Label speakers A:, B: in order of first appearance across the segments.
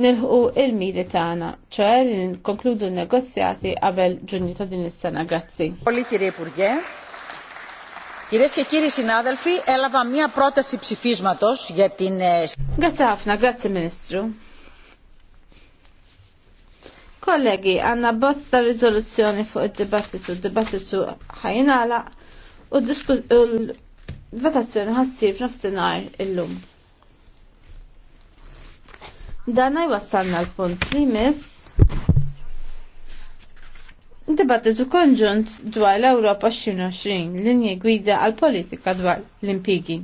A: nilħu il-miri tagħna, ċoħe li nkonkludu n-negozjati qabel ġunju ta' din is-sena. Grazzi. Κυρίες και κύριοι συνάδελφοι, έλαβα μία πρόταση ψηφίσματος για την... Grazie ħafna, grazie Ministru. Kollegi, għanna bozz ta' rizoluzzjoni fuq id-dibattitu, il dibattitu ħajinala u l-votazzjoni ħassir f'nofsinhar illum. Danna jwassalna l-punt li miss Dibattitu konġunt dwar l-Europa 2020 linje gwida għal politika dwar l-impigi.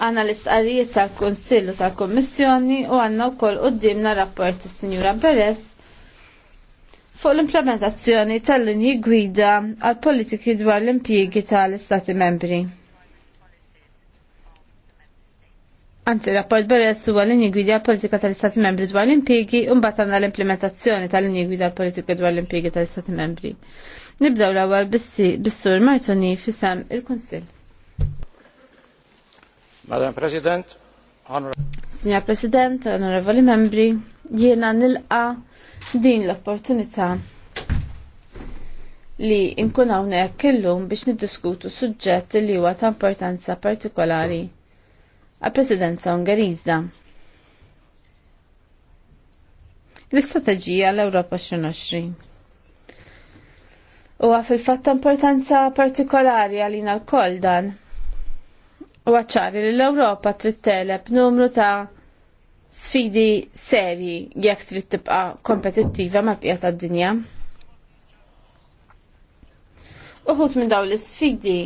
A: Għanna l-istqarijiet tal-Konsillu tal-Kommissjoni u għanna u koll dimna rapport tas sinjura Beres fuq l-implementazzjoni tal-linji gwida għal politiki dwar l impiegi tal-Istati membri. Anzi, rapport Beres huwa l-linji għal politika tal-Istati Membri dwar l-impjegi u mbagħad għandna l-implementazzjoni tal-linji għal politika dwar l-impjegi tal-Istati Membri. Nibdaw l-ewwel bis-sur Martoni fisem il-Kunsill.
B: Madam President,
A: Signor President, onorevoli membri, jiena nilqa din l-opportunità li nkun hawnhekk illum biex niddiskutu suġġett li huwa ta' importanza partikolari għal-Presidenza Ungeriża. L-istrateġija l-Ewropa 2020. Huwa fil-fatt importanza partikolari għalina l-koll dan. U għacċari li l-Ewropa trid teleb numru ta' sfidi serji jekk trid tibqa' kompetittiva ma' pjata tad-dinja. Uħut minn dawn l-isfidi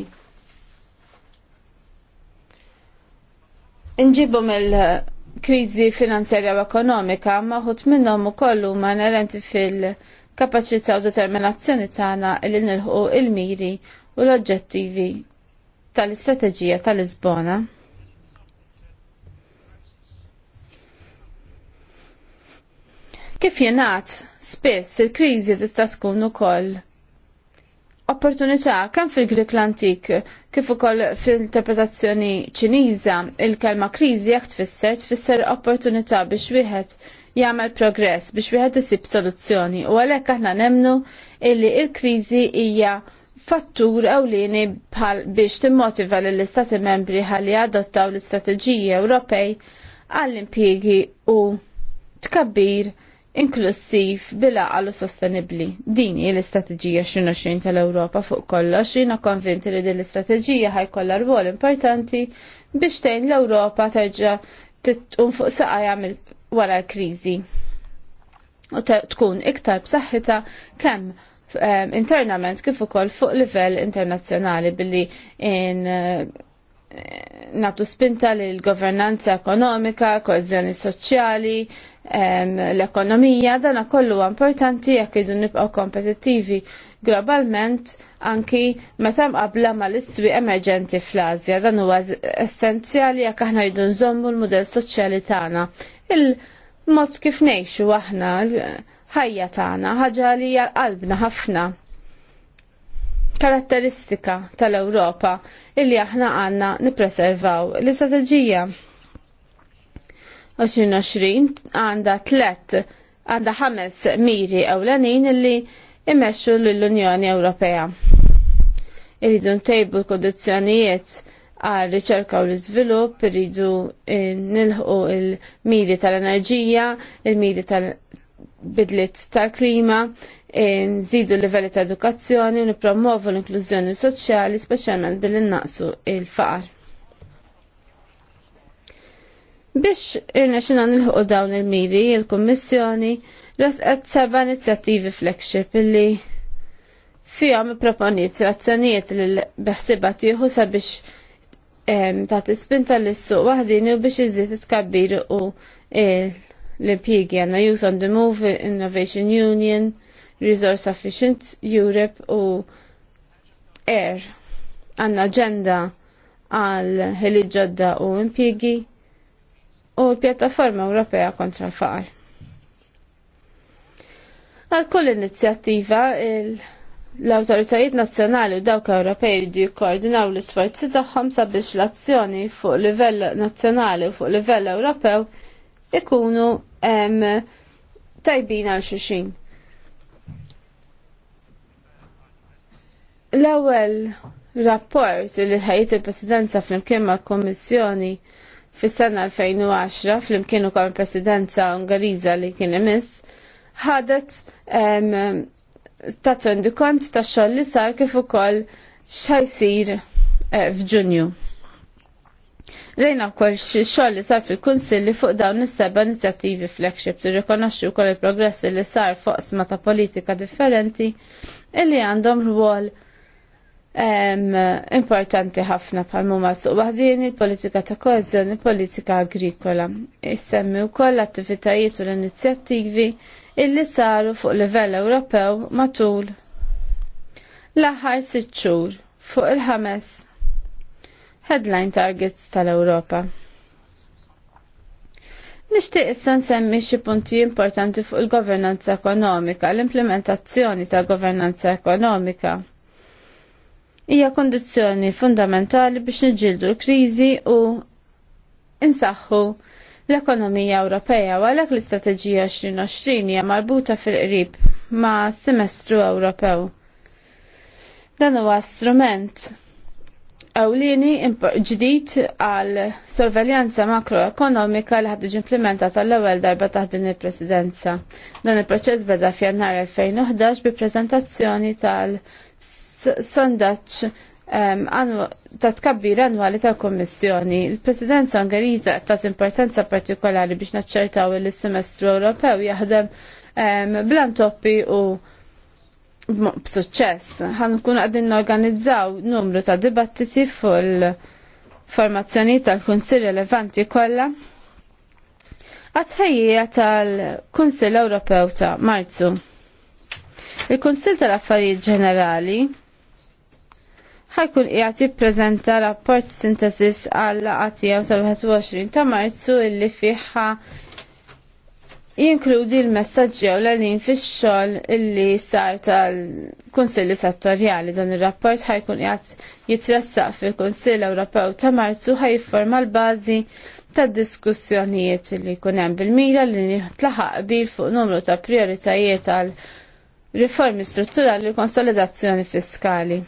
A: nġibhom il-kriżi finanzjarja u ekonomika ma ħut minnhom ukoll ma nerenti fil-kapaċità u determinazzjoni tagħna li nilħu il-miri u l-oġġettivi tal-istrateġija tal-Lisbona. Kif jenat, spiss il-kriżi tista' tkun ukoll opportunità kemm fil-Grik l-antik kif ukoll fil-interpretazzjoni ċiniża il-kelma kriżi jekk tfisser tfisser opportunità biex wieħed jagħmel progress biex wieħed isib soluzzjoni u għalhekk aħna nemnu illi il-kriżi hija fattur ewlieni bħal biex timmotiva lill istati membri ħalli adottaw l-istrateġiji Ewropej għall-impjiegi u tkabbir inklusiv bil-għalu sostenibli. Din hi l-istrateġija 2020 tal-Ewropa fuq kollox, jiena konvinti li din l-istrateġija ħajkollha rwol importanti biex tejn l-Ewropa terġa' titqum fuq saqajja wara l-kriżi. U tkun iktar b'saħħitha kemm ehm, internament kif ukoll fuq livell internazzjonali billi in eh, natu spinta li l-governanza ekonomika, koezjoni soċjali, l-ekonomija, dana kollu importanti jekk idu nibqgħu kompetittivi globalment anki meta mqabla mal-iswi emerġenti fl-Azja. Dan huwa essenzjali jekk aħna rridu nżommu l-mudell soċjali tagħna. Il-mod kif ngħixu aħna l-ħajja tagħna ħaġa li hija qalbna ħafna. Karatteristika tal-Ewropa illi aħna għandna nippreservaw l-istrateġija 2020 għandha tlet għandha ħames miri ewlenin li imexxu l-Unjoni Ewropea. Iridu ntejbu l kondizjonijiet għal riċerka u l-iżvilupp, iridu nilħu il-miri tal-enerġija, il-miri tal-bidliet tal-klima, nżidu l-livelli ta' edukazzjoni u nipromovu l-inklużjoni soċjali, speċjalment billi innaqsu il-faqar. Biex irnexina nilħu dawn il-miri, il-Kommissjoni, rasqet seba inizjattivi flagship illi fihom proponiet razzjoniet li beħsibat tieħu sabiex ta' tispinta l-suq waħdin u biex iżiet t-kabbir u l impiegi għanna Youth on the Move, Innovation Union, Resource Efficient Europe u Air. Għanna agenda għal ħili ġodda u impjiegi u l-Pjattaforma Ewropea kontra l-Faqar. Għal kull inizjattiva l-autoritajiet nazzjonali u dawk Ewropej jridu jikkoordinaw l-isforzi tagħhom sabiex l-azzjoni fuq livell nazzjonali u fuq livell Ewropew ikunu tajbin għal xuxin. L-ewwel rapport li ħajjiet il-Presidenza flimkien mal-Kummissjoni fis-sena 2010 flimkien ukoll presidenza Ungariża li kien imiss ħadet tat indikont ta' xogħol li sar kif ukoll x'ħajsir eh, f'Ġunju. Rejna wkoll xogħol li sar fil-Kunsill li fuq dawn is-seba' inizjattivi flagship tirrikonoxxi wkoll il-progressi li sar fuq sma ta' politika differenti illi għandhom rwol importanti ħafna pal mumma suq waħdin il-politika ta' kozzjon, il-politika agrikola. Issemmi u koll attivitajiet u l-inizjattivi illi saru fuq livell Ewropew matul l-aħħar sitt xhur fuq il-ħames headline targets tal-Ewropa. Nixtieq issa nsemmi xi punti importanti fuq il-governanza ekonomika, l-implementazzjoni tal-governanza ekonomika hija kondizzjoni fundamentali biex niġġieldu l-kriżi u insaħħu l-ekonomija Ewropea u għalhekk l-istrateġija 2020 hija marbuta fil-qrib ma' semestru Ewropew. Dan huwa strument ewlieni ġdid għal sorveljanza makroekonomika li ħad implementata l-ewwel darba taħt din il-Presidenza. Dan il-proċess beda f'Jannar 2011 bi preżentazzjoni tal- sondaċ ta' tkabbir annwali ta' kommissjoni. Il-Presidenza Ungheriża tat importanza partikolari biex naċċertaw il semestru Ewropew jaħdem blan toppi u b'suċċess. Ħan kun għadin organizzaw numru ta' dibattiti fuq formazzjoni tal-Kunsill rilevanti kollha għatħajja tal-Kunsill Ewropew ta' Marzu. Il-Kunsill tal-Affarijiet Ġenerali ħajkun qiegħed jippreżenta rapport sintesis għal laqatija 27 ta' Marzu illi fiħa jinkludi l-messagġi u l-għalin fil illi sar tal-Konsilli Settorjali dan il-rapport ħajkun jgħat jitressaq fil-Konsill Ewropew ta' Marzu ħajforma l-bazi ta' diskussjonijiet li kunem bil-mira li tlaħaq bil fuq numru ta' prioritajiet għal riformi strutturali u konsolidazzjoni fiskali.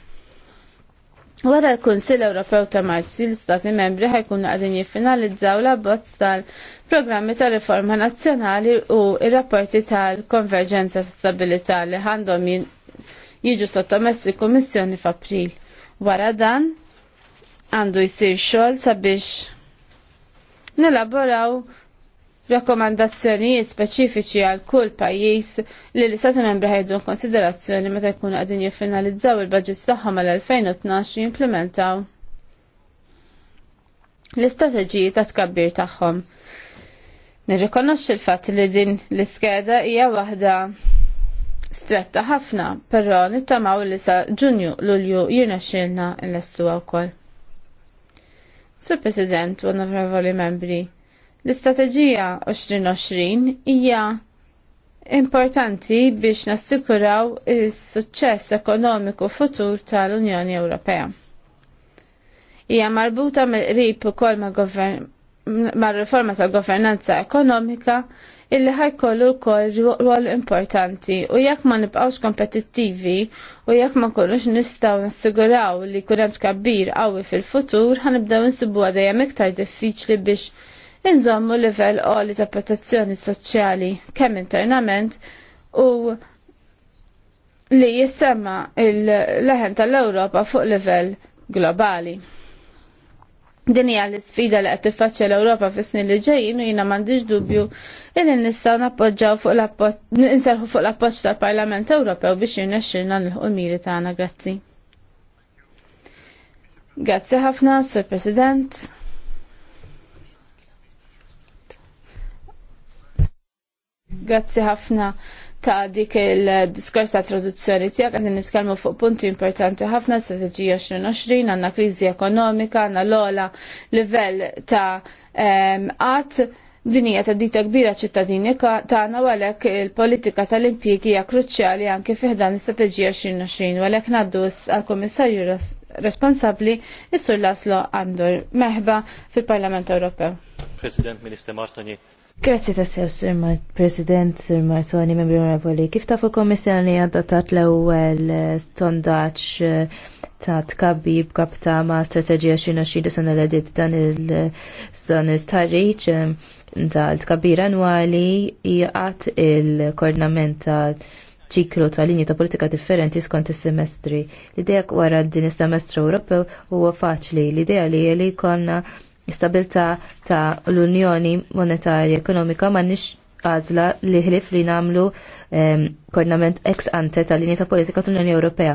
A: Wara l-Kunsill Ewropew ta' Marzi l-Stati membri ħajkunu għadin jiffinalizzaw l-abbozz tal-programmi ta' riforma nazzjonali u r-rapporti tal-konverġenza ta' stabilità li għandhom jiġu sottomessi kummissjoni f'April. Wara dan għandu jsir xogħol sabiex nilaboraw rakkomandazzjonijiet speċifiċi għal kull pajjiż li l-istati membri ħajdu konsiderazzjoni meta jkunu qegħdin jiffinalizzaw il-budgets tagħhom għal-2012 jimplementaw l-istrateġiji ta' tkabbir tagħhom. Nirrikonoxxi l-fatt li din l-iskeda hija waħda stretta ħafna, però nittamaw li sa ġunju lulju jirnexxilna l għaw wkoll. Sur President u onorevoli membri, L-istrateġija 2020 hija importanti biex nassikuraw is-suċċess ekonomiku futur tal-Unjoni Ewropea. Hija marbuta mill-qrib ukoll mar-riforma tal-governanza ekonomika illi ħajkollu wkoll rwol importanti u jekk ma nibqgħux kompetittivi u jekk ma nkunux nistgħu nassiguraw li jkun hemm tkabbir qawwi fil-futur ħanibdew insubuha dejjem iktar diffiċli biex inżommu livell qoli ta' protezzjoni soċjali kemm internament u li jissemma il-leħen tal-Ewropa fuq livell globali. Din hija l-isfida li qed tiffaċċja l-Ewropa fis-snin li ġejjin u jiena m'għandix dubju li nistgħu nappoġġaw fuq l-appoġġ fuq l-appoġġ tal-Parlament Ewropew biex l nilħu miri tagħna grazzi. Grazzi ħafna, Sur President. Grazzi ħafna ta' dik il-diskors ta' traduzzjoni tiegħek qed nitkellmu fuq punti importanti ħafna strateġija 2020 għandna kriżi ekonomika, għandna l ogħla livell ta' qatt din hija tadita kbira ċittadini tagħna u għalhekk il-politika tal-impjiegi hija kruċjali anke fih dan l-istrateġija 2020 u għalhekk ngħaddu għall-Kummissarju responsabbli is-Sur Laszlo Andor. Merħba fil-Parlament Ewropew.
B: President Minister Martoni,
C: Grazzi ta' sew, Sir President, Sir Marzoni, membri onorevoli. Kif tafu kommissjoni għaddatat l-ewel eh, sondaċ eh, ta' tkabbi b'kapta ma' strategija xina xida san l-edit dan il-starriċ eh, ta' l-tkabbir annuali jgħat il-koordinament ta' ċiklu ta' linji ta' politika differenti skont is-semestri. L-idea wara din is-semestru Ewropew huwa faċli. L-idea li li konna Istabilta ta' l-Unjoni Monetarja Ekonomika ma' nix għazla li ħlif li namlu koordinament ex ante tal-linja ta' politika tal-Unjoni Ewropea.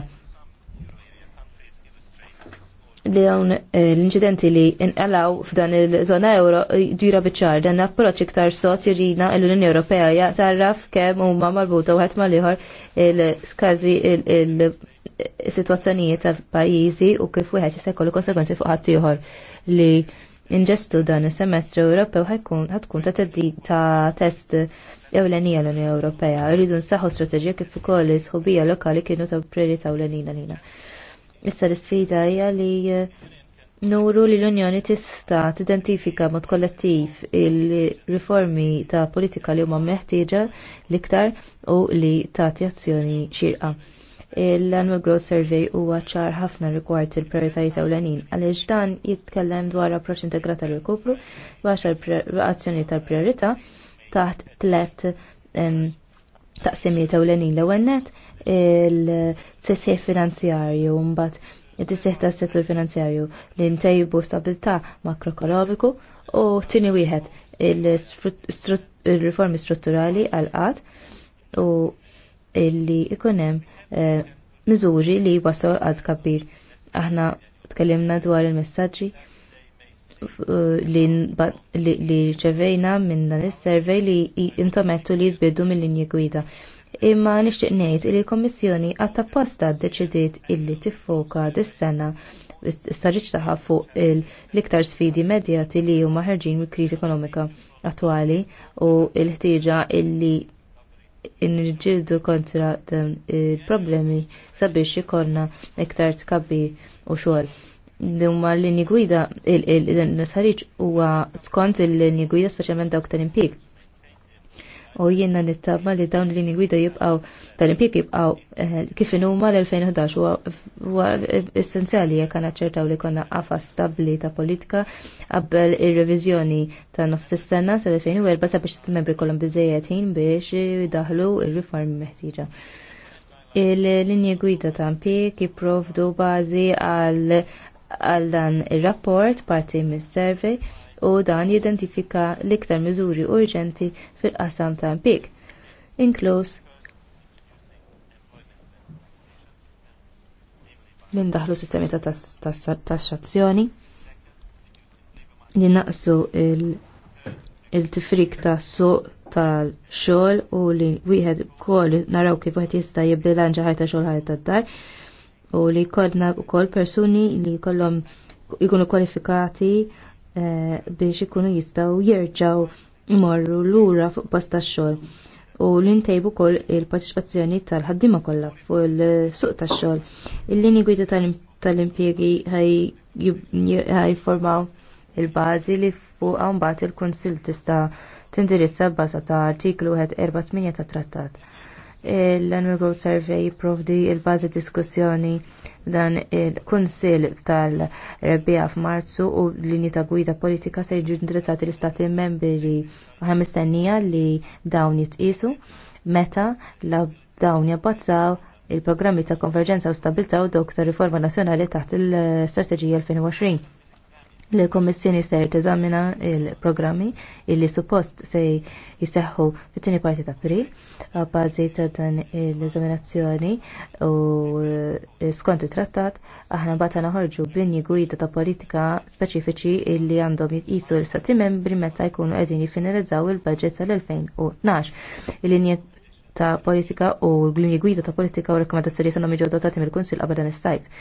C: Li dawn l-inċidenti li inqalaw f'dan il-żona euro ġira biċċar dan approċċ iktar sot jirina l-Unjoni Ewropea ja tarraf kemm huma marbuta wieħed mal-ieħor il skazi il-sitwazzjonijiet tal-pajjiżi u kif wieħed jista' jkollu konsegwenzi fuq ħadd ieħor li inġestu dan is-semestru Ewropew ħatkun ta' ta' test ewlenija l-Unjoni Ewropea. Rridu nsaħħu strateġija kif ukoll is-ħubija lokali kienu ta' priorità ewlenina lina. Issa l-isfida hija li eh, nuru li l-Unjoni tista' tidentifika mod kollettiv il-riformi ta' politika li huma meħtieġa l-iktar u li tagħti azzjoni xirqa l-Annual Growth Survey huwa ċar ħafna rigward il-prioritajiet ewlenin għaliex dan jitkellem dwar approċċ integrata tal-kupru baxar azzjoni tal-priorità taħt tlet taqsimijiet ewlenin l-ewwel il-tisħiħ finanzjarju mbagħad it-tisħiħ tas-settur finanzjarju li ntejbu stabilità makroekonomiku u tini wieħed il-riformi strutturali għal-qat u illi ikunem Eh, miżuri li wasol għad kabir. Aħna tkellimna dwar il-messagġi eh, li ċevejna minn dan is-servej li intomettu li jitbiddu mill-linji gwida. Imma nixtieq ngħid li l-Kommissjoni għad tapposta ddeċidiet illi tiffoka dis-sena s-sarriċ taħħa fuq l-iktar sfidi medjati li huma ħarġin mill-kriżi ekonomika attwali u l-ħtieġa illi nġildu kontra dan il-problemi sabiex ikonna iktar tkabbi u xogħol. Dumma l-linji gwida, il nasariċ huwa skont il-linji gwida speċjalment dawk tal-impik u jiena nittama li dawn l-lini gwida jibqaw tal-impjeg jibqaw eh, kif huma l-2011 huwa essenzjali jekk għandna ċertaw li konna għafa stabbli ta' politika qabel ir-reviżjoni ta' nofs is-sena sal biex sabiex membri kolom biżejjed ħin biex jidaħlu il riformi meħtieġa. Il-linji gwida ta' impjeg jipprovdu bażi għal dan ir-rapport parti mis-survey u dan jidentifika l-iktar miżuri urġenti fil-qasam ta' impik, inkluż l-indaħlu sistemi ta' taxxazzjoni, li naqsu il-tifrik ta' suq tal-xogħol u li wieħed ukoll naraw kif wieħed jista' jibbilanġa ħajta xogħol ħajta d-dar u li jkollna wkoll persuni li jkollhom jkunu kwalifikati Eh, biex ikunu jistgħu jerġgħu imorru lura fuq pasta tax-xogħol u l intajbu kol il-partiċipazzjoni tal-ħaddima kollha fuq il-suq tax-xogħol. Il-lini gwida tal ħaj formaw il-bażi li fuq għambat il-Kunsill tista' tindirizza bbaża ta' artiklu 148 ta' trattat l-Annual Growth Survey provdi il-bazi diskussjoni dan il-Kunsil tal-Rebija f'Marzu u l-linji ta' gwida politika se jiġu indirizzati l-Istati membri għal mistennija li dawn jitqisu meta la dawn jabbazzaw il-programmi ta' konverġenza u stabilta u dok ta' riforma nazjonali taħt il-Strategija 2020 l-Komissjoni se teżamina il-programmi illi suppost se jisseħħu fit-tieni parti ta' April bażi ta' dan l-eżaminazzjoni u eh, skont it-trattat aħna mbagħad naħorġu b'linji gwida ta' politika speċifiċi illi għandhom jitqisu l-istati membri meta jkunu qegħdin jiffinalizzaw il-budget tal-2012. Il-linji ta' politika u l-linji gwida ta' politika u rekomendazzjoni sanom iġu dotati mill-Kunsil qabel dan is-sajf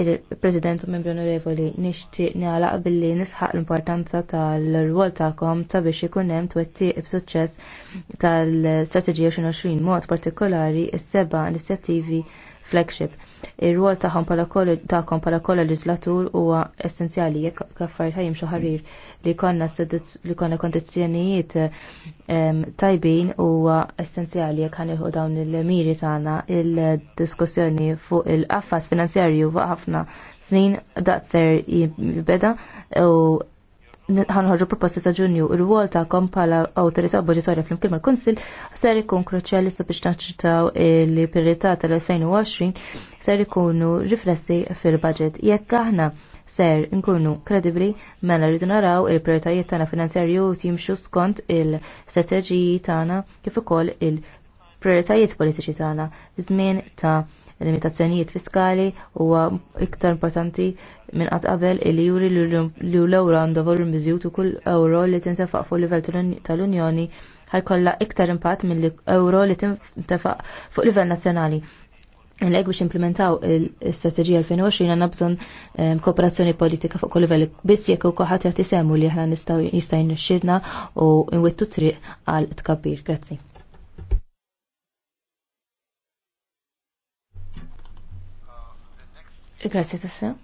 C: il-President u membri onorevoli, nixtieq nialaq billi nisħaq l-importanza tal-rwol tagħkom ta' biex ikun hemm b b'suċċess tal-Strateġija 2020 mod partikolari is-seba' inizjattivi flagship. Ir-rwol tagħhom bħala kollha leġislatur huwa essenzjali jekk affarijiet ħajjim xi ħarir li konna li konna kondizzjonijiet ehm, tajbin huwa essenzjali jekk ħanilħu dawn il-miri tagħna il-diskussjoni fuq il-qaffas finanzjarju fuq ħafna snin daqser jibeda u ħanħarġu proposta ta' ġunju il rwol ta' pala autorita budgetarja fl-imkien mal konsil ser ikun kruċjali sabiex naċċitaw li prioritat tal-2020 ser ikunu riflessi fil-budget. Jekk aħna ser nkunu kredibli mela rridu naraw il-prioritajiet tagħna finanzjarju timxu skont il-strateġiji tagħna kif ukoll il-prioritajiet politiċi tagħna żmien ta' limitazzjonijiet fiskali huwa iktar importanti minn qatt qabel li juri li l ewro għandu volum miżjut u kull euro li tintefaq fuq livell tal-Unjoni ħajkollha iktar impatt mill euro li tintefaq fuq livell nazzjonali. L-għek biex implementaw il-strategija 2020 għanna bżon ehm, kooperazzjoni politika fuq kull livell Biss jekk u koħat jgħati semmu li aħna jistajn xirna u nwittu triq għal tkabbir. Grazzi. Grazie tassa.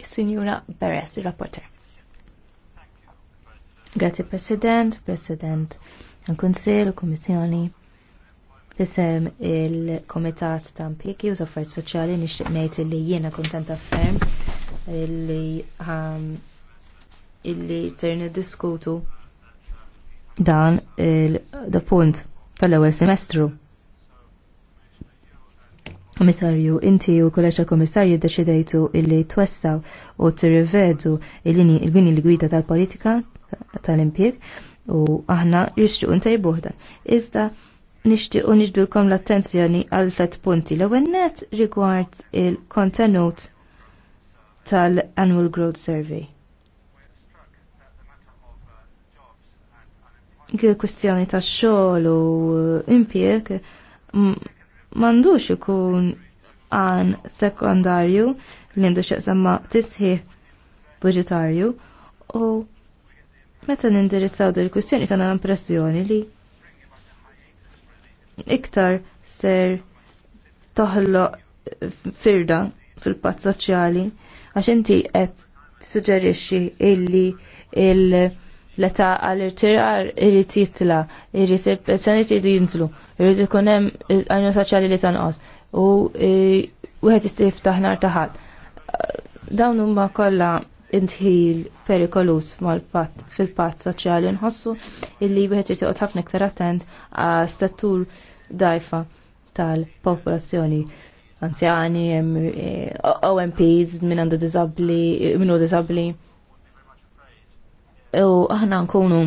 C: Signora Beres, il-rapporter. Grazie President, President għal Consiglio, Commissioni, Komissjoni. Isem il-Komitat ta' Impjegi u Zaffariet Soċjali nixtieq ngħid li jiena kuntenta ferm illi um, illi ser diskutu dan il-punt tal-ewwel semestru Komissarju, inti u kolleġa komissarju deċidejtu illi twessaw u tirrivedu il-gwini l-gwida tal-politika tal-impjeg u aħna rixtu intajbuħdan. Iżda nishti u nishbilkom l-attenzjoni għal tlet punti l ewwel net rigward il-kontenut tal-Annual Growth Survey. Kwestjoni ta' xogħol u impjeg mandux ikun għan sekundarju li għandu xaqsamma tisħiħ budgetarju u meta nindirizzaw dil kwistjoni tana l-impressjoni li iktar ser toħloq firda fil-pat soċjali għax inti qed suġġerixxi illi il- l-età għal-irtirar irrit jitla, irrit il-pensjoni jinżlu. Irrid ikun hemm għajnuna soċjali li tanqos u e, wieħed jista' jiftaħ nar taħat. Dawn huma kollha intħil perikolus mal-patt fil-patt soċjali nħossu illi wieħed irid ħafna iktar attent għal statur dajfa tal-popolazzjoni anzjani, e, OMPs, minn għandu disabli, minnu disabli. U aħna nkunu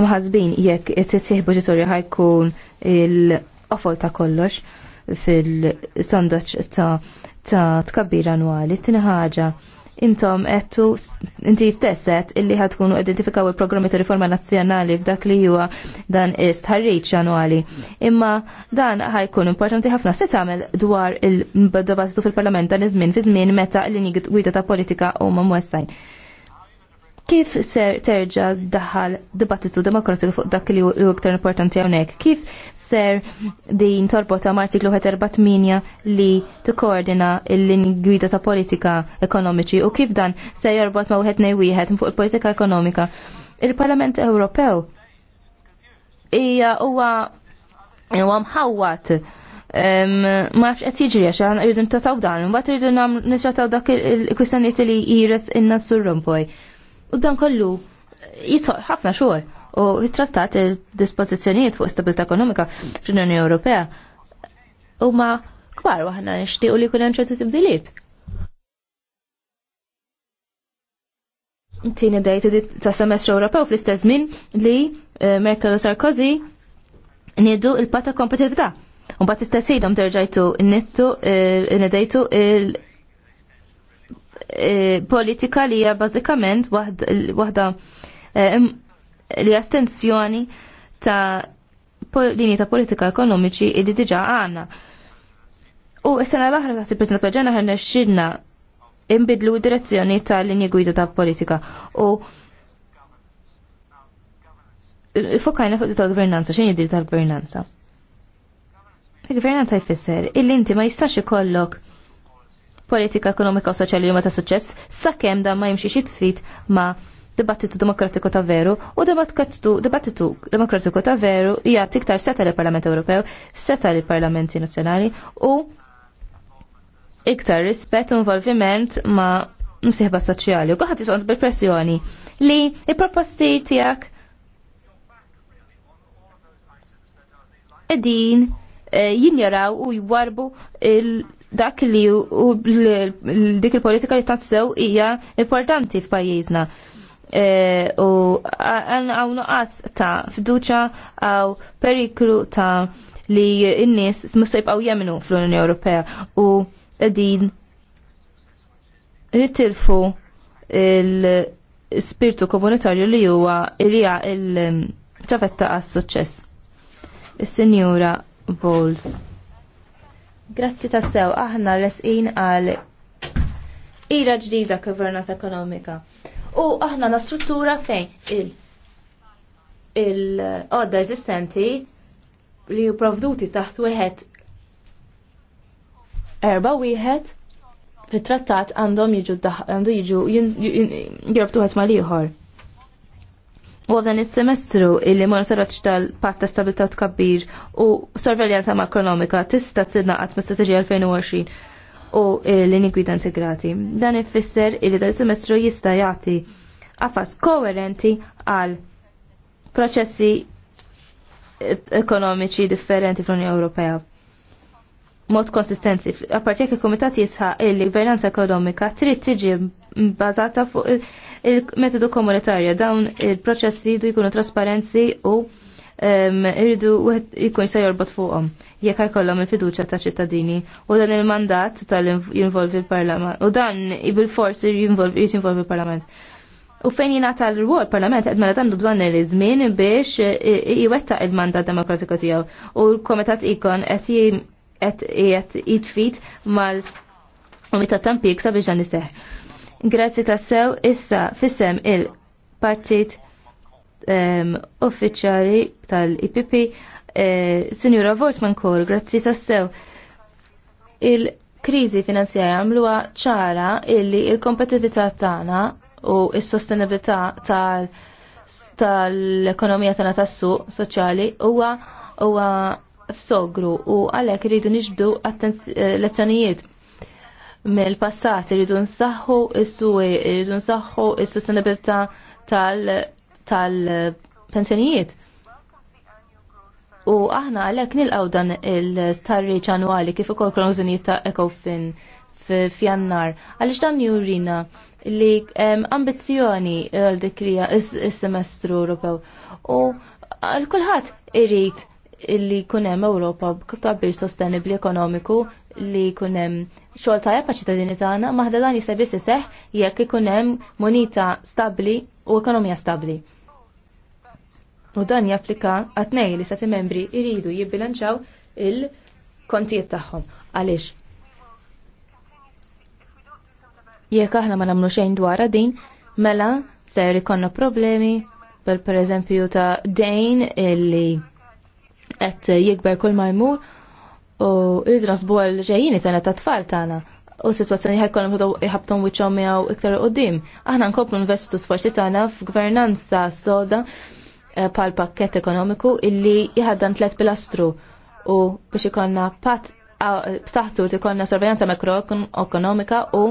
C: mħazbin jekk t tisih budġetorju ħajkun il-qofol ta' kollox fil-sondaċ ta' ta' tkabbir annwali. Tina ħaġa, intom għettu, inti stesset illi ħatkunu identifikaw il-programmi ta' riforma nazjonali f'dak li huwa dan istħarriċ annwali. Imma dan ħajkun importanti ħafna se tagħmel dwar il-dibattitu fil-Parlament dan iż-żmien fi żmien meta l-linji gwida ta' politika huma mwessajn. Kif ser terġa daħal dibattitu demokratiku fuq dak li hu iktar importanti hawnhekk? Kif ser din torbota ma' artiklu 48 li tikkoordina l-linji gwida ta' politika ekonomiċi u kif dan se jorbot ma' wieħed ngħid wieħed fuq il-politika ekonomika? Il-Parlament Ewropew hija huwa huwa mħawwat ma fx qed jiġri għax aħna rridu ntataw dan, imbagħad rridu nagħmlu nisrataw dak il-kwistjonijiet li jiris inna nas U dan kollu jisoq ħafna xogħol u jittrattat il-dispożizzjonijiet fuq stabilità ekonomika fl-Unjoni Ewropea huma kbar waħna nixtiequ li jkun hemm ċertu tibdiliet. Tini dejt ta' semestru Ewropew fl-istess żmien li eh, Merkel u Sarkozy nidu l-patta kompetitività. Un bat istessidom terġajtu nittu, eh, nidejtu il- E, politika li hija bażikament waħda e, li estensjoni ta' linji ta' politika ekonomiċi li diġa għanna. U s-sena l-aħra ta' s-sibizna peġana ħarna xidna imbidlu direzzjoni ta' linji gwida ta' politika. U fokajna fuq ta' gvernanza, xejn jidir ta' gvernanza? Gvernanza jfisser, il inti ma jistax ikollok politika ekonomika u soċjali li ma ta' suċċess sakemm dan ma jimxiex jitfit ma' dibattitu demokratiku ta' veru u dibattitu demokratiku ta' veru hija tiktar seta' li parlament Ewropew, seta' li parlamenti nazzjonali u iktar rispett u involviment ma' msieħba soċjali u għahat jisont bil-pressjoni li l proposti tijak id-din eh, jinjaraw u jwarbu dak li dik il-politika li tassew hija importanti f'pajjiżna. E, u għaw nuqas ta' fiduċa għaw periklu ta' li n-nis musta jibqaw jemnu fl-Unjoni Ewropea u din jitilfu il-spirtu komunitarju li huwa li il-ċafetta għas-suċċess. il sinjura Bowles. Grazzi tas-sew, aħna lesqin għal ira ġdida governanza ekonomika. U aħna na struttura fejn il-odda il eżistenti li juprovduti taħt wieħed erba wieħed fit-trattat għandhom jiġu għandu jiġu jirabtu ma liħor. U għadan il-semestru illi monitoraċ tal-patta stabilta tkabbir u sorveljanza makronomika tista t għat ma' strategija 2020 u eh, l-inikwita integrati. Dan ifisser illi dan il-semestru jista jati għafas koherenti għal proċessi eh, ekonomiċi differenti fl-Unjoni Ewropea. Mod konsistenzi, għapartijak il-komitat jisħa illi gvernanza ekonomika trid tiġi bbażata fuq il-metodu komunitarja dawn il-proċess jridu jkunu trasparenzi u rridu jkun se jorbot fuqhom jekk jkollhom il-fiduċja ta' ċittadini u dan il-mandat tal-jinvolvi il-Parlament u dan bil-fors jinvolvi il-Parlament. U fejn jingħata l-rwol parlament qed mela għandu bżonn li żmien biex iwettaq il-mandat demokratiku tiegħu u l-Komitat Ikon qed qed jitfit mal-Komitat Tampik sabiex dan iseħħ. Grazzi tassew issa fissem il-partit um, uffiċjali tal-IPP eh, Sinjura Vortman Kol, grazzi tassew. Il-krizi finanzjarja għamluwa ċara illi il-kompetitività tagħna u s-sostenibilità tal-ekonomija tal tagħna tas-suq soċjali huwa huwa f'sogru u għalhekk iridu nixbdu eh, lezzjonijiet mill-passat irridu nsaħħu is-suwi, irridu nsaħħu is-sostenibilità tal-pensjonijiet. U aħna għalhekk nilqgħu dan il-starriċ annwali kif ukoll kronżinijiet ta' Ecofin f'Jannar. Għaliex dan jurina li ambizzjoni għal dikrija is-semestru Ewropew. U għal kulħadd irid jkun kunem Ewropa tabbir sostenibli ekonomiku li kunem xogħol tajjeb għax ċittadini tagħna, maħda dan jista' biss iseħħ jekk ikun hemm munita stabbli u ekonomija stabbli. U dan japplika għatnej li stati membri iridu jibbilanċaw il-kontijiet tagħhom. Għaliex? Jekk aħna ma nagħmlu xejn dwar din, mela ser ikonna problemi per pereżempju ta' dejn illi qed jikber kull ma jmur u idras Bol għal ġejjini tana ta' tfal tana u situazzjoni ħajkollhom jħabtom wiċċhom miegħu iktar qudiem. Aħna nkomplu investu sforzi tagħna f'gvernanza soda eh, pal pakket ekonomiku illi jħaddan tlet pilastru u biex ikonna pat b'saħħtu ikonna sorvejanza makroekonomika u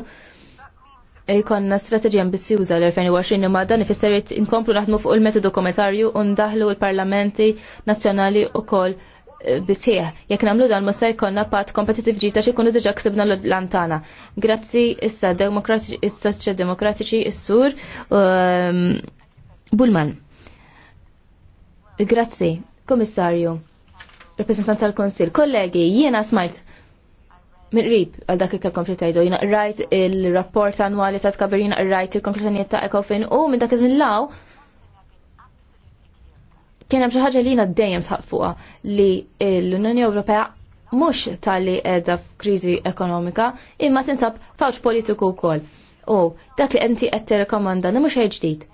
C: jkonna strategija ambizjuża l-2020 ma dan ifisser inkomplu naħdmu fuq il-metodu komunitarju u ndaħlu l-parlamenti nazzjonali u koll bisieħ. Jekk nagħmlu dan ma se jkollna pat kompetitiv ġita x'ikunu diġà ksibna l-lantana. Grazzi issa demokratiċi issa demokratiċi issur. Um, Bulman. Grazzi, Komissarju, reprezentant tal-Konsil, kollegi, jiena smajt rib għal dak il kom tajdu, jina rajt il-rapport annwali ta' tkabir, jina rajt il-konklusjoniet ta' ekofin u minn dak iżmin law Kien hemm xi ħaġa li jiena dejjem sħaq fuqha li l-Unjoni Ewropea mhux tal-li qiegħda f'kriżi ekonomika imma tinsab fawx politiku wkoll. U dak li enti qed tirrekomanda mhux xejn ġdid.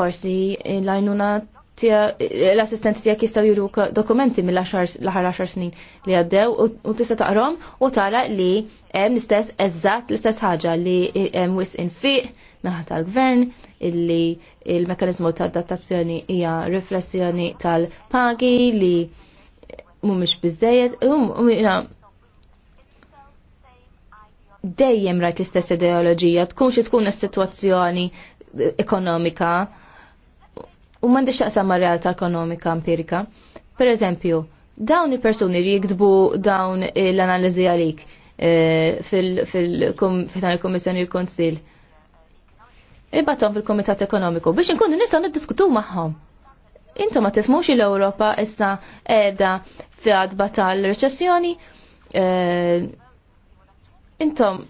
C: Forsi l-għajnuna l-assistenti tijak jistaw juru dokumenti mill-ħar 10 snin li għaddew u tista taqrom u tara li hemm l-istess eżatt l-istess ħaġa li hemm wis infiq naħa tal-gvern illi il-mekanizmu ta' adattazzjoni hija riflessjoni tal-pagi li mhumiex biżejjed dejjem rajt l-istess ideoloġija, tkun xi tkun is-sitwazzjoni ekonomika u m'għandix xaqsam ma' realtà ekonomika empirika. Per eżempju, dawn il-persuni li jiktbu dawn l-analiżi għalik fil-Kommissjoni l-Konsil ibatom fil-Komitat Ekonomiku biex nkunu nistgħu niddiskutu magħhom. Intom ma tifhmux l-Ewropa issa qiegħda f'għadba tal-reċessjoni. Eh, intom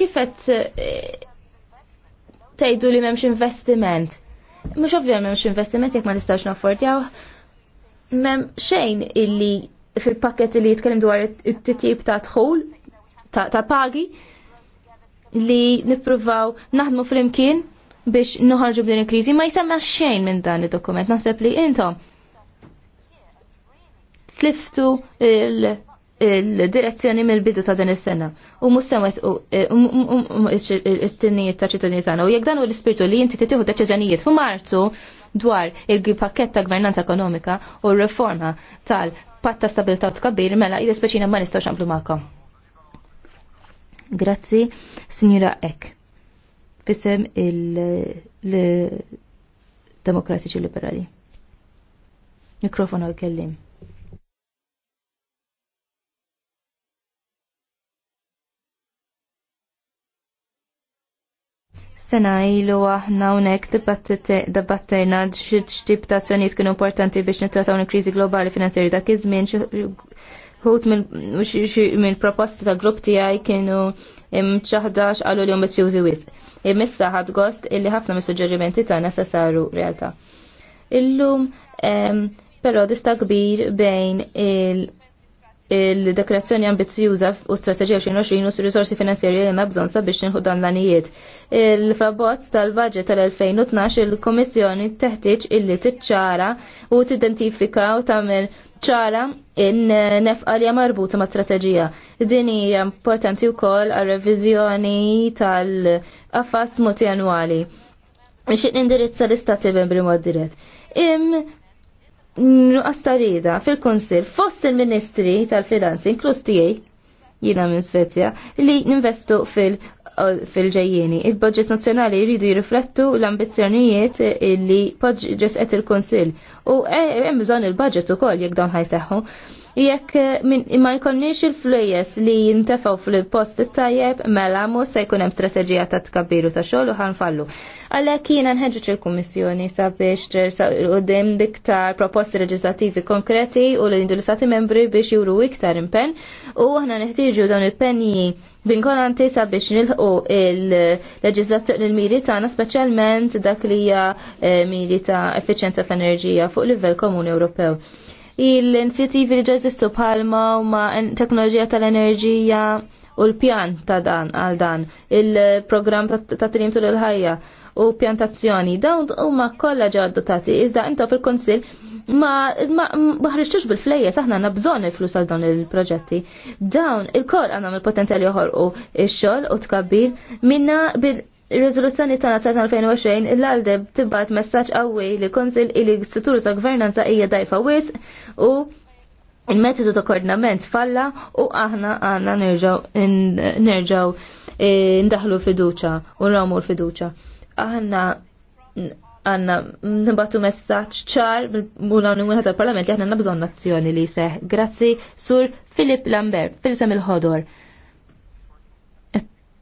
C: kif qed eh, tgħidu li m'hemmx investiment. Mhux ovvja m'hemmx investiment jekk ma nistax naffordjaw. M'hemm xejn illi fil-pakket li jitkellem dwar it-titjib ta' dħul ta' pagi li nippruvaw naħdmu flimkien biex nħarġu b'din il-kriżi ma jisemma xejn minn dan id-dokument. Naħseb li intom tliftu il-direzzjoni mill-bidu ta' din is-sena u mhux sewet e, is-tinnijiet ta' ċittadini tagħna u jekk dan u l-ispirtu li inti titieħu deċiżjonijiet f'Marzu dwar il-pakket ta' gvernanza ekonomika u r-reforma tal-patta stabilità kabir mela id-speċina ma nistgħux naqblu magħkom. Grazzi, Signora Ek. Fisem il-Demokratiċi Liberali. Mikrofonu kellim. sena ilu aħna unek dibattajna xit xtib ta' sanit kienu importanti biex nittrataw il-kriżi globali finanzjeri dak iż-żmien Hut minn proposti ta' grupp tiegħi kienu mċaħdax għallu li jumet jużi wis. Imissa ħad gost illi ħafna mis-suġġerimenti ta' se saru realtà. Illum però dista kbir bejn il- il-deklarazzjoni ambizjuża u strateġija 2020 u s risorsi finanzjarji li għandna bżonn sabiex nħu dan l-anijiet. Il-fabbozz tal-budget tal-2012 il-Komissjoni teħtieġ illi tiċċara u tidentifika u tagħmel ċara in nefqa li marbuta ma' strateġija. Din hija importanti wkoll għar-reviżjoni tal-affas multianwali. Xi indirizza l-istati membri mod dirett. Im nuqastarida fil-Konsil fost il-Ministri tal-Finanzi, inklus tiegħi jiena minn Svezja, li ninvestu fil- fil Il-budget nazzjonali jridu jirriflettu l-ambizzjonijiet li ġes qed il-Konsil. U e, hemm bżonn il-budget ukoll jekk dawn ħajseħħu. Jekk ma jkollniex il-flejes li jintefgħu fil-post tajjeb mela mhux se jkun hemm strateġija ta' tkabbiru ta' xogħol u ħanfallu. Għalhekk jiena nħeġġeġ il-Kummissjoni sabiex dim diktar proposti leġislattivi konkreti u l-indulsati membri biex juru iktar impenn u aħna neħtieġu dawn il-penji vinkolanti sabiex nilħu il-leġizzazzjoni l miri tagħna speċjalment dak li hija eh, miri ta' effiċjenza f'enerġija fuq livell komuni Ewropew. Il-inizjattivi li ġeżistu bħalma huma teknoloġija tal-enerġija u l-pjan ta' dan għal dan, il-programm ta' trim tul il-ħajja u pjantazzjoni. Dawn huma kollha ġew adottati iżda intom fil-Kunsill ma ma ħriġtux bil flejja aħna għandna bżonn il-flus għal dawn il-proġetti. Dawn il-koll għandhom il potenzjali joħolqu ix-xogħol u tkabbir minna bil ir ta' tagħna ta' 2020 l-għalde tibbat messaġġ qawwi li konsil li s ta' gvernanza hija dajfa wis u il-metodu ta' koordinament falla u aħna għanna nerġaw eh, ndaħlu fiduċa u nramu l-fiduċa aħna għanna nibatu messaċ ċar mula n-numuna tal-parlament li għanna nabżon nazzjoni li seħ. Grazzi sur Filip Lambert, fil-sem il-ħodor.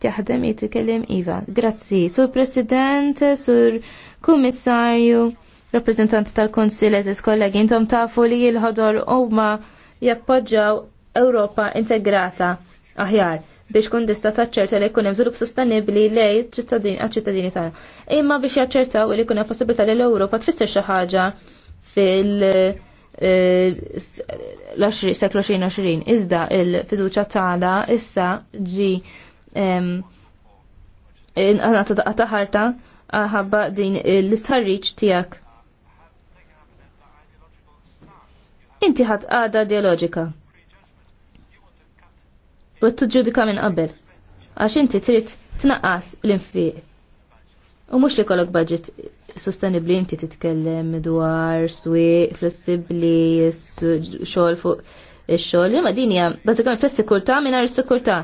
C: Jaħdem kellim Iva. Grazzi, sur President, sur Kummissarju, rappresentant tal-Konsil, eżis kollegi, intom tafu li il-ħodor u ma jappoġġaw Ewropa integrata aħjar biex kun tista' taċċerta li jkun hemm żvilupp sostenibbli lejn ċittadini tagħna. Imma biex jaċċertaw li jkun hemm possibilità li l-Ewropa tfisser xi ħaġa fil- l-20 eh, eh, seklu iżda il-fiduċa tagħna issa ġi inqata daqqa taħarta ħabba din l-istarriċ tiegħek. Inti ħadd għada dialogika u t-ġudika minn qabel. Għax inti trid tnaqqas l-infiq. U mhux li kollok budget sostenibbli inti titkellem dwar swieq flessibbli xogħol fuq ix-xogħol. Imma din hija bażikament flessikultà mingħajr is-sikurtà.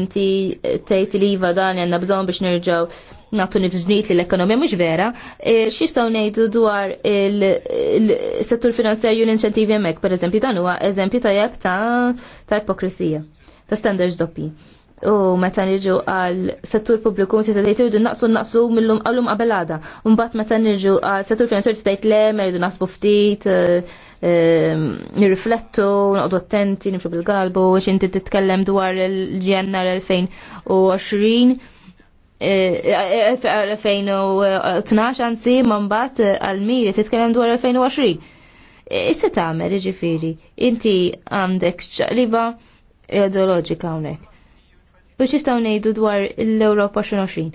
C: Inti tgħid li iva dan għandna bżonn biex nerġgħu nagħtu nifżnit li l-ekonomija mhux vera. E, x'jistgħu ngħidu dwar il-settur finanzjarju l-inċentivi hemmhekk, pereżempju dan huwa eżempju tajjeb ta' ipokrisija ta' standards doppi. U meta niġu għal settur pubbliku inti tgħid irridu naqsu naqsu millum qallum qabel għada. Mbagħad meta niġu għal settur finanzjarju tgħid le irridu naqsbu ftit, eh, eh, nirriflettu, noqgħdu attenti, nimxu bil-galbu, xi inti titkellem dwar il-ġennar 2020 2012 eh, anzi ma mbagħad għal-miri titkellem dwar 2020. Issa tagħmel ġifiri, inti għandek ċaqliba ideologika hawnhekk. U jistgħu ngħidu dwar l-Ewropa 2020?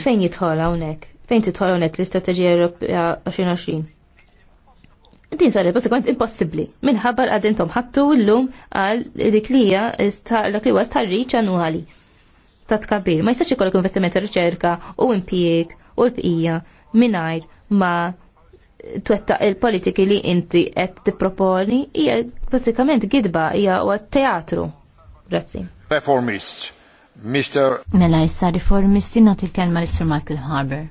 C: Fejn jidħol hawnhekk? Fejn tidħol hawnhekk l-Istrateġija Ewropea 2020? Din saret bas kont impossibbli. Minħabba l għadintom ħattu llum għal dik li hija dak li huwa starriċ annwali ta' tkabbir. Ma jistax ikollok investiment riċerka u impjieg u l-bqija mingħajr ma' twetta il-politiki li inti qed tipproponi hija
D: basikament gidba hija teatru. Grazzi.
E: Reformist. Mr.
D: Mela issa riformisti nagħti il-kelma lis sur Michael Harbour.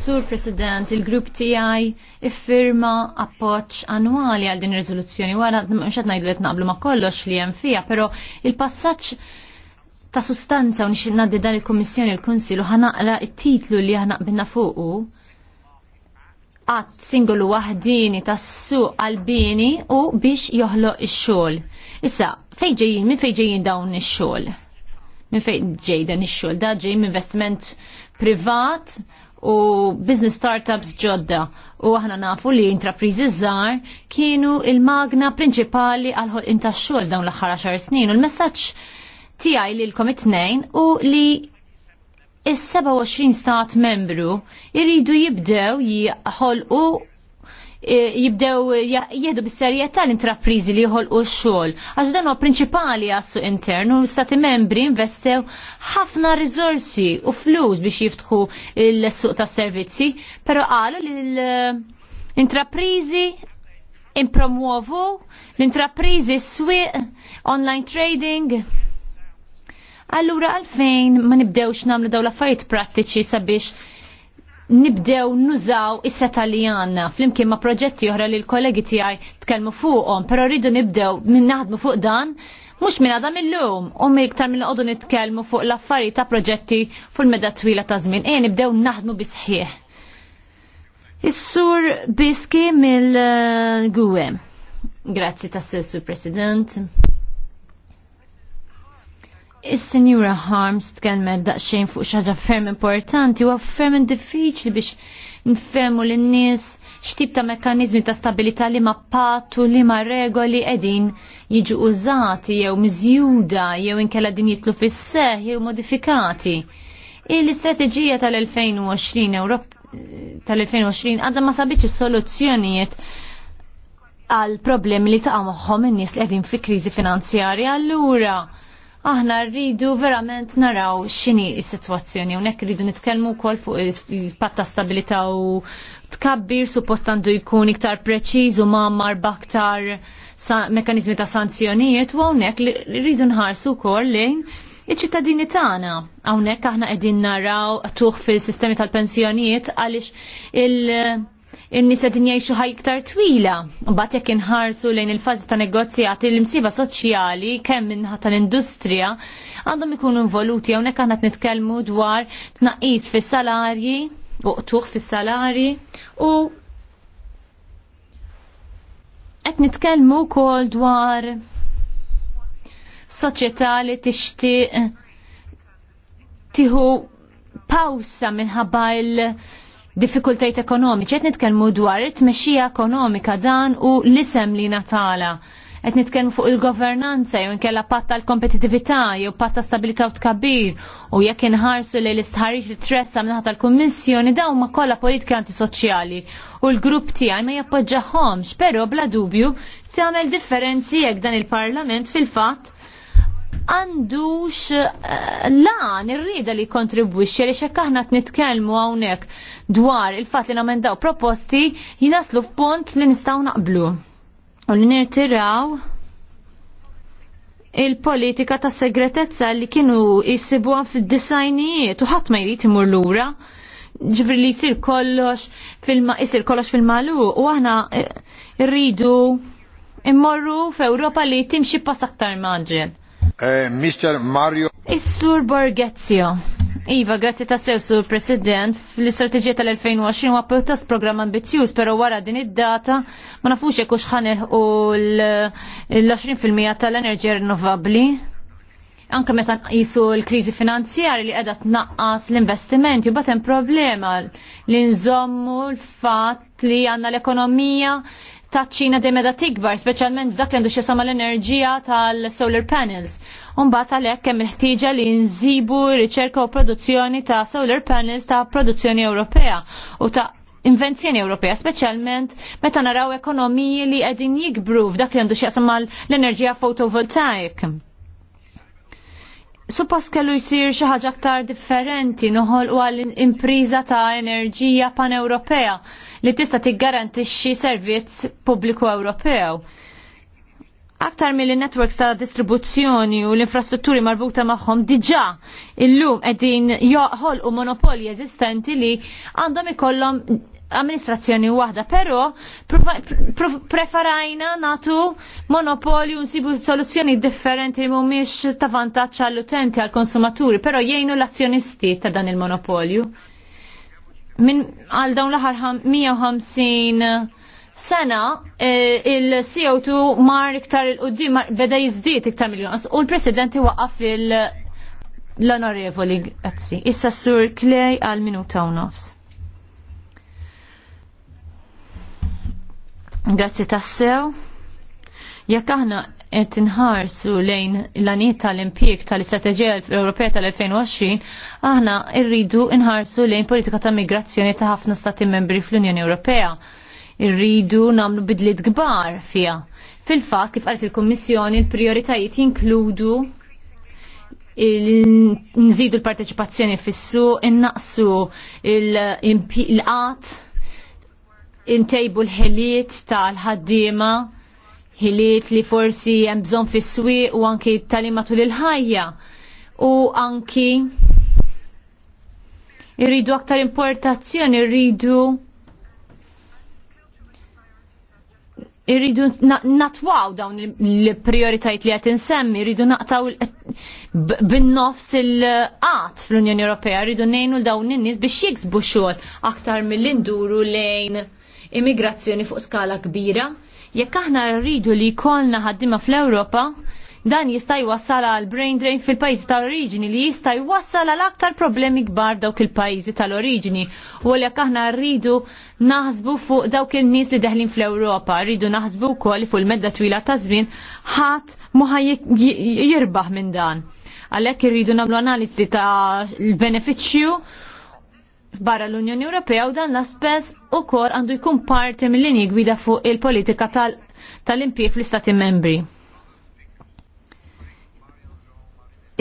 D: Sur President, il-grupp tiegħi iffirma appoġġ annwali għal din ir-riżoluzzjoni wara mhux qed ngħidu qed naqblu ma' kollox li hemm fiha, però il-passaġġ ta' sustanza u nixin dan il-Kommissjoni il-Kunsilu ħanaqra it-titlu li ħanaqbinna fuqu għat singolu wahdini tas-suq għalbini u biex joħloq ix-xogħol. Issa, fej ġejjin, minn fejn ġejjin dawn ix-xogħol? Minn fejn ġej dan ix-xogħol? Da ġejjin investiment privat u business startups ġodda u aħna nafu li intraprizi żgħar kienu il-magna prinċipali għal inta xogħol dawn l-aħħar xar snin u l-messaġġ tiegħi lilkom it-tnejn u li is-27 stat membru jridu jibdew jħolqu e, jibdew jiedu bis-serjetà l-intrapriżi li jħolqu x-xogħol. Għax dan huwa prinċipali għassu internu l stati membri investew ħafna riżorsi u flus biex jiftħu l-suq tas-servizzi, però qalu li l-intrapriżi impromuovu l-intrapriżi s-swieq online trading Allura għalfejn ma nibdewx namlu daw l-affarijiet prattiċi sabiex nibdew nużaw is-seta li għanna flimkien ma' proġetti oħra li l-kollegi tiegħi tkellmu fuqhom, però rridu nibdew minn naħdmu fuq dan mhux minn għadha mill-lum u iktar minn qogħdu nitkellmu fuq l-affarijiet ta' proġetti fuq l meda twila ta' żmien. e nibdew naħdmu bisħieħ. Is-sur Biski mill-Gwem. Grazzi tas-Sessu President. Is-Sinjura Harms tkellmet daqsxejn fuq xi ħaġa ferm importanti u ferm diffiċli biex nfermu lin-nies x'tip ta' mekkaniżmi ta' stabilità li ma' patu li ma' regoli qegħdin jiġu użati jew miżjuda jew inkella din jitlu fis-seħ jew modifikati. Il-istrateġija tal-2020 Ewrop tal-2020 għadha ma sabiċ is-soluzzjonijiet għal problemi li taqgħu moħħhom in-nies li qegħdin fi kriżi finanzjarja allura aħna rridu verament naraw x'inhi s-sitwazzjoni hawnhekk rridu nitkellmu wkoll fuq il-patta stabilità u tkabbir suppost għandu jkun iktar preċiż u ma' baktar mekanizmi ta' sanzjonijiet u hawnhekk rridu nħarsu wkoll lejn iċ-ċittadini tagħna. Hawnhekk aħna qegħdin naraw tuħ fil-sistemi tal-pensjonijiet għaliex il- in-nisa din jgħixu iktar twila. Mbagħad jekk inħarsu lejn il-fażi ta' negozjati l-imsiba soċjali kemm minħata tal-industrija għandhom ikunu involuti hawnhekk aħna nitkellmu dwar tnaqqis fis-salarji, uqtuħ fis-salarji u qed nitkellmu wkoll dwar soċjetà li tixtieq tieħu pawsa minħabba il- diffikultajt ekonomiċi, qed nitkellmu dwar it-tmexxija ekonomika dan u l-isem li natala. Qed nitkellmu fuq il-governanza jew nkella patta l-kompetitività jew patta stabilita u tkabbir u jekk inħarsu li l-istħarriġ li tressa minnaħa tal-Kummissjoni dawn ma kollha politika antisoċjali u l-grupp tiegħi ma jappoġġahomx, però bla dubju tagħmel differenzi jekk dan il-Parlament fil-fatt għandux eh, lan irrida li kontribwixxi li xekkaħna aħna nitkellmu hawnhekk dwar il-fatt li namendaw proposti jinaslu f'punt li nistgħu naqblu. U li nirtiraw il-politika ta' segretezza li kienu jisibuha fid-disajnijiet u ħadd ma jrid imur lura ġifri li jisir kollox jisir kollox fil-malu u aħna eh, rridu immorru f'Ewropa li timxi pass aktar maġġel.
E: Eh, Mr. Mario.
D: Is-Sur Borgezio. Iva, grazzi ta' sew, Sur President. fl istrategija tal-2020 huwa pjuttost programm ambizjuż, però wara din id-data ma nafux jekk x'ħaneħ u l-20% tal-enerġija rinnovabbli. Anke meta nqisu l-kriżi finanzjarja li qiegħda tnaqqas l-investimenti u hemm problema li nżommu l-fatt li għandna l-ekonomija taċċina ċina demeda tikbar, speċjalment dak li għandu sama l-enerġija tal-solar panels. Umbat għalhekk hemm il-ħtieġa li nżibu riċerka u produzzjoni ta' solar panels ta' produzzjoni Ewropea u ta' invenzjoni Ewropea, speċjalment meta naraw ekonomiji li qegħdin jikbru f'dak li għandu sama l-enerġija fotovoltaik suppost kellu jsir xi ħaġa aktar differenti noħolqu u impriża ta' enerġija pan-Ewropea li tista' tiggarantixxi servizz pubbliku Ewropew. Aktar mill networks ta' distribuzzjoni u l-infrastrutturi marbuta magħhom diġà illum qegħdin joħolqu monopolji eżistenti li għandhom ikollhom amministrazzjoni waħda, però preferajna natu monopolju nsibu soluzzjoni differenti li mhumiex ta' vantaġġ għall-utenti għall-konsumaturi, però jgħinu l-azzjonisti ta' dan il-monopolju. Min għal dawn l-aħħar 150 sena eh, il-CO2 mar iktar il-qoddim beda jiżdied iktar miljon u l-Presidenti waqaf il- l-onorevoli, għazzi, issa sur Clay għal minuta u nofs. Grazzi tassew. Jekk aħna qed inħarsu lejn l-għaniet tal-impjeg tal-istrateġija Ewropea tal-2020, aħna rridu nħarsu lejn politika ta' migrazzjoni ta' ħafna stati membri fl-Unjoni Ewropea. Irridu nagħmlu bidliet kbar fiha. Fil-fatt kif qalet il-Kummissjoni l-prijoritajiet jinkludu nżidu l-parteċipazzjoni fis-suq, innaqsu l-qat intejbu l-ħiliet tal-ħaddiema, ħiliet li forsi hemm bżonn fis-swieq u anki tal-ima tul il-ħajja u anki irridu aktar importazzjoni, irridu irridu natwaw dawn il-prioritajt li għet insemmi, irridu naqtaw bin-nofs il-qat fl-Unjoni Ewropea, irridu nejnu dawn in-nies biex jiksbu xogħol aktar mill-induru lejn immigrazzjoni fuq skala kbira. Jekk aħna rridu li jkollna ħaddima fl-Ewropa, dan jista' jwassal għal brain drain fil-pajjiżi tal-oriġini li jista' jwassal għal aktar problemi kbar dawk il-pajjiżi tal-oriġini. U jekk aħna rridu naħsbu fuq dawk in-nies li deħlin fl-Ewropa, rridu naħsbu wkoll fuq il-medda twila ta' żmien ħadd ma jirbaħ minn dan. Għalhekk irridu nagħmlu analiżi ta' l-benefiċċju barra l-Unjoni Ewropea u dan l-aspess u kol għandu jkun parti mill-linji gwida fuq il-politika tal-impie tal fl-istati membri.